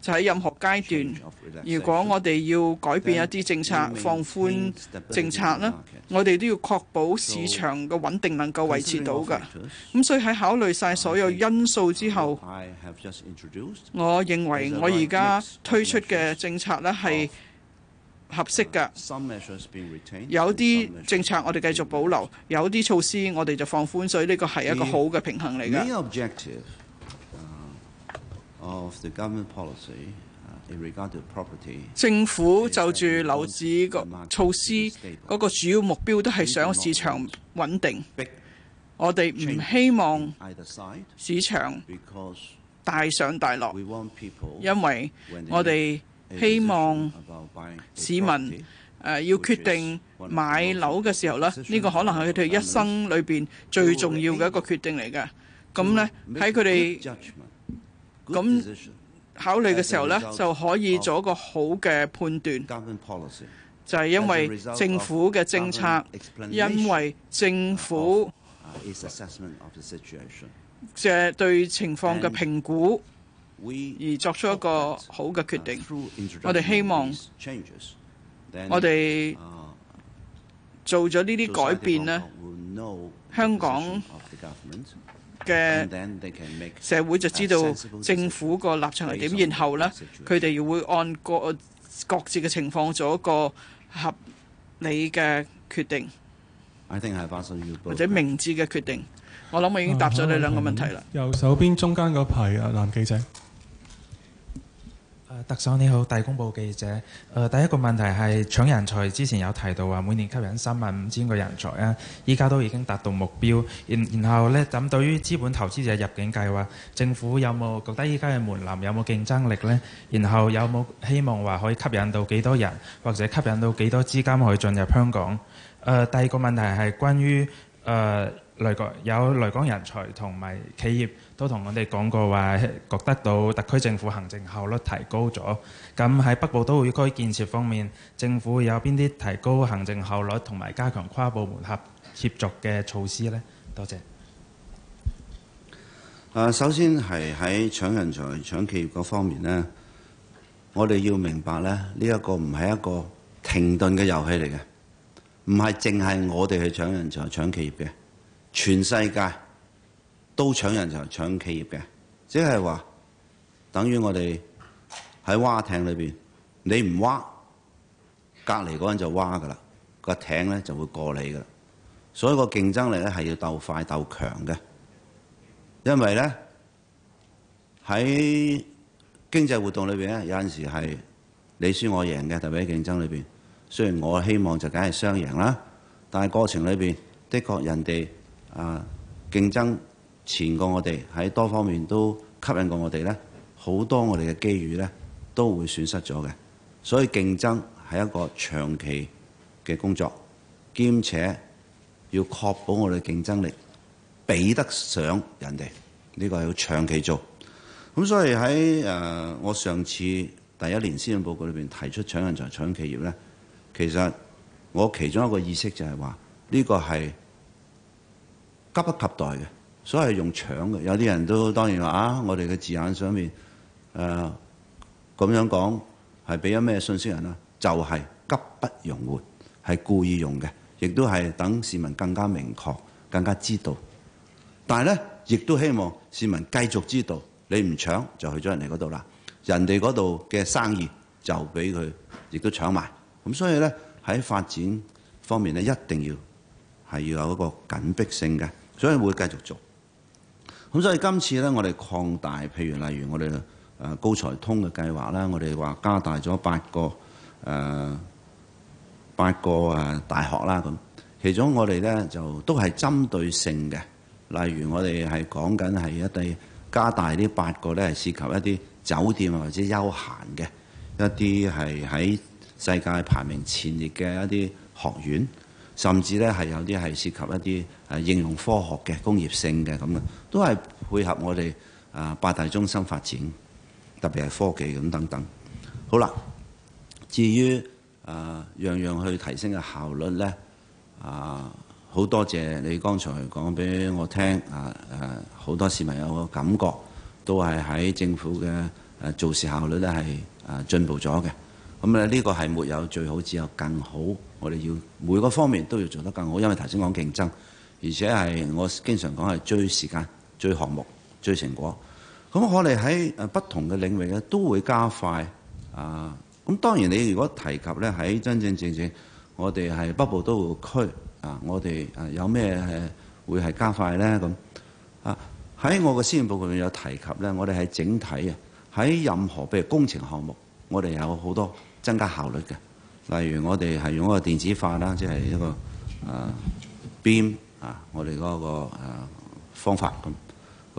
就喺任何階段，如果我哋要改變一啲政策、放寬政策呢，我哋都要確保市場嘅穩定能夠維持到嘅。咁所以喺考慮晒所有因素之後，我認為我而家推出嘅政策呢係合適嘅。有啲政策我哋繼續保留，有啲措施我哋就放寬，所以呢個係一個好嘅平衡嚟嘅。政府就住樓市個措施嗰個主要目標都係想市場穩定。我哋唔希望市場大上大落，因為我哋希望市民要決定買樓嘅時候咧，呢個可能係佢哋一生裏邊最重要嘅一個決定嚟嘅。咁呢，喺佢哋。咁考慮嘅時候呢，就可以做一個好嘅判斷，就係因為政府嘅政策，因為政府嘅對情況嘅評估，而作出一個好嘅決定。我哋希望，我哋做咗呢啲改變呢，香港嘅社會就知道政府個立場係點，然後呢佢哋會按各各自嘅情況做一個合理嘅決定。定係或者明智嘅決定，我諗我已經答咗你兩個問題啦。右手邊中間嗰排啊，男記者。特首你好，大公報記者。誒、呃，第一個問題係搶人才，之前有提到話每年吸引三萬五千個人才啊，依家都已經達到目標。然然後呢，咁、嗯、對於資本投資者入境計劃，政府有冇覺得依家嘅門檻有冇競爭力呢？然後有冇希望話可以吸引到幾多人，或者吸引到幾多資金可以進入香港？誒、呃，第二個問題係關於誒、呃、有來港人才同埋企業。都同我哋講過話，覺得到特區政府行政效率提高咗。咁喺北部都會區建設方面，政府有邊啲提高行政效率同埋加強跨部門合協作嘅措施呢？多謝。首先係喺搶人才、搶企業嗰方面呢，我哋要明白咧，呢一個唔係一個停頓嘅遊戲嚟嘅，唔係淨係我哋去搶人才、搶企業嘅，全世界，都搶人就係搶企業嘅，即係話等於我哋喺蛙艇裏面，你唔蛙，隔離嗰人就蛙噶啦，個艇咧就會過你噶啦。所以個競爭力咧係要鬥快鬥強嘅，因為咧喺經濟活動裏面，咧有陣時係你輸我贏嘅，特別喺競爭裏面。雖然我希望就梗係雙贏啦，但係過程裏面，的確人哋啊，競爭。前過我哋喺多方面都吸引過我哋呢，好多我哋嘅機遇呢都會損失咗嘅。所以競爭係一個長期嘅工作，兼且要確保我哋嘅競爭力比得上人哋，呢個係要長期做。咁所以喺、呃、我上次第一年施政報告裏面提出搶人才、搶企業呢，其實我其中一個意識就係話呢個係急不及待嘅。所以係用搶嘅，有啲人都當然話啊！我哋嘅字眼上面誒咁樣講係俾咗咩信息人呢就係、是、急不容緩，係故意用嘅，亦都係等市民更加明確、更加知道。但係呢，亦都希望市民繼續知道，你唔搶就去咗人哋嗰度啦，人哋嗰度嘅生意就俾佢亦都搶埋。咁所以呢，喺發展方面呢，一定要係要有嗰個緊迫性嘅，所以會繼續做。咁所以今次咧，我哋擴大，譬如例如我哋誒高才通嘅計劃啦，我哋話加大咗八個誒、呃、八個誒大學啦咁。其中我哋咧就都係針對性嘅，例如我哋係講緊係一啲加大呢八個咧，係涉及一啲酒店或者休閒嘅一啲係喺世界排名前列嘅一啲學院。甚至咧係有啲係涉及一啲係應用科學嘅工業性嘅咁啊，都係配合我哋啊八大中心發展，特別係科技咁等等。好啦，至於啊樣、呃、樣去提升嘅效率呢，啊好多謝你剛才講俾我聽啊，誒好多市民有個感覺，都係喺政府嘅誒做事效率咧係誒進步咗嘅。咁咧呢個係沒有最好，只有更好。我哋要每個方面都要做得更好，因為頭先講競爭，而且係我經常講係追時間、追項目、追成果。咁我哋喺誒不同嘅領域咧，都會加快啊。咁當然你如果提及咧，喺真真正正，正我哋係北部都會區啊，我哋誒有咩係會係加快咧咁啊？喺我嘅施政報告有提及咧，我哋係整體啊，喺任何譬如工程項目，我哋有好多增加效率嘅。例如我哋係用一個電子化啦，即係一個啊邊啊，我哋嗰個方法咁，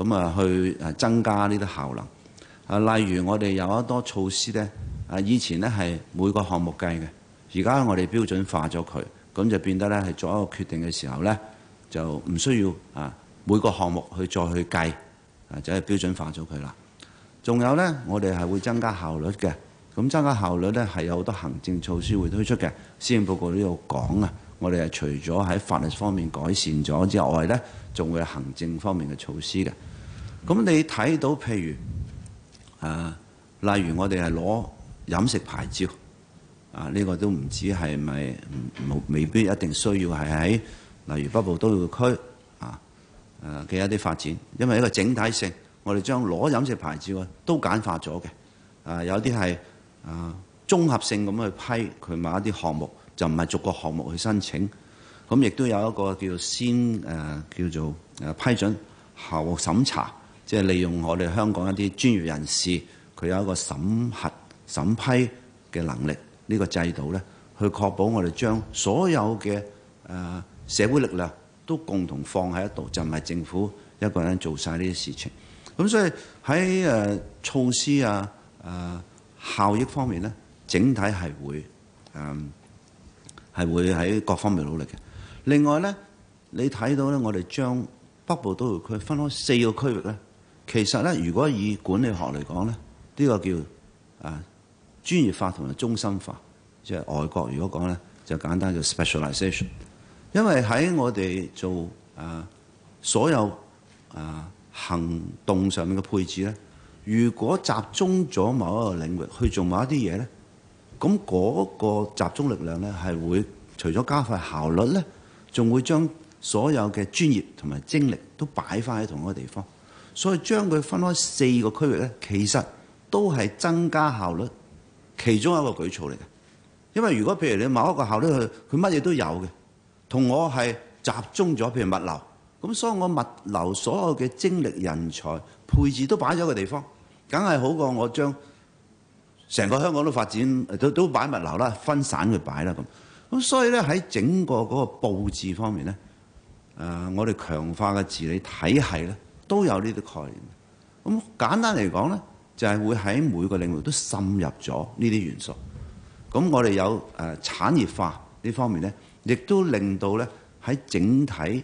咁啊去誒增加呢啲效能。啊，例如我哋有一多措施咧，啊以前咧係每個項目計嘅，而家我哋標準化咗佢，咁就變得咧係做一個決定嘅時候咧，就唔需要啊每個項目去再去計，啊就係標準化咗佢啦。仲有咧，我哋係會增加效率嘅。咁增加效率咧，係有好多行政措施會推出嘅。施政報告都有講啊。我哋係除咗喺法律方面改善咗之外咧，仲會行政方面嘅措施嘅。咁你睇到譬如啊，例如我哋係攞飲食牌照啊，呢個都唔知係咪未必一定需要係喺例如北部都會區啊嘅一啲發展，因為一個整體性，我哋將攞飲食牌照都簡化咗嘅啊，有啲係。啊，綜合性咁去批佢某一啲項目，就唔係逐個項目去申請。咁亦都有一個叫做先誒、呃、叫做誒批准後審查，即、就、係、是、利用我哋香港一啲專業人士，佢有一個審核審批嘅能力呢、這個制度咧，去確保我哋將所有嘅誒、呃、社會力量都共同放喺一度，就唔係政府一個人做晒呢啲事情。咁所以喺誒、呃、措施啊誒。呃效益方面咧，整體係會，誒、嗯、係會喺各方面努力嘅。另外咧，你睇到咧，我哋將北部都會區分開四個區域咧，其實咧，如果以管理學嚟講咧，呢、呢個叫啊專業化同埋中心化，即係外國如果講咧，就簡單叫 specialization。因為喺我哋做啊所有啊行動上面嘅配置咧。如果集中咗某一個領域去做某一啲嘢呢，咁嗰個集中力量呢，係會除咗加快效率呢，仲會將所有嘅專業同埋精力都擺翻喺同一個地方，所以將佢分開四個區域呢，其實都係增加效率，其中一個舉措嚟嘅。因為如果譬如你某一個效率，佢佢乜嘢都有嘅，同我係集中咗譬如物流。咁所以我物流所有嘅精力、人才配置都擺咗個地方，梗係好過我將成個香港都發展都都擺物流啦，分散去擺啦。咁咁，所以咧喺整個嗰個佈置方面咧，誒，我哋強化嘅治理體系咧都有呢啲概念。咁簡單嚟講咧，就係、是、會喺每個領域都滲入咗呢啲元素。咁我哋有誒產業化呢方面咧，亦都令到咧喺整體。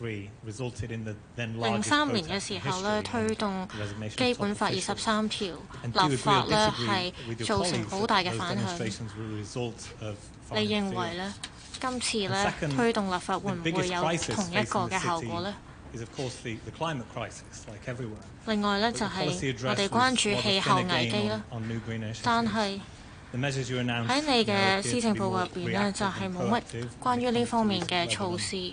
零三年嘅時候呢，推動基本法二十三條立法呢係造成好大嘅反響。你認為呢，今次呢推動立法會唔會有同一個嘅效果呢？另外呢，就係我哋關注氣候危機啦，但係喺你嘅施政報告入邊呢，就係冇乜關於呢方面嘅措施。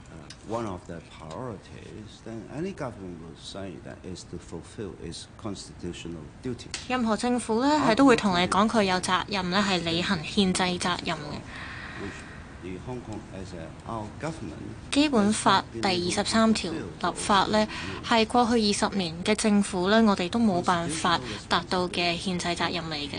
任何政府咧係都會同你講，佢有責任咧係履行憲制責任嘅。基本法第二十三條立法咧係過去二十年嘅政府咧，我哋都冇辦法達到嘅憲制責任嚟嘅。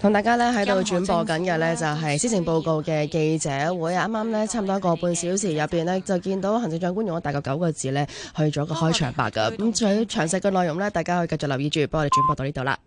同大家咧喺度轉播緊嘅咧就係施政報告嘅記者會啊！啱啱咧差唔多一個半小時入面咧就見到行政長官用咗大概九個字咧去咗個開場白嘅。咁最詳細嘅內容咧，大家可以繼續留意住，幫我哋轉播到呢度啦。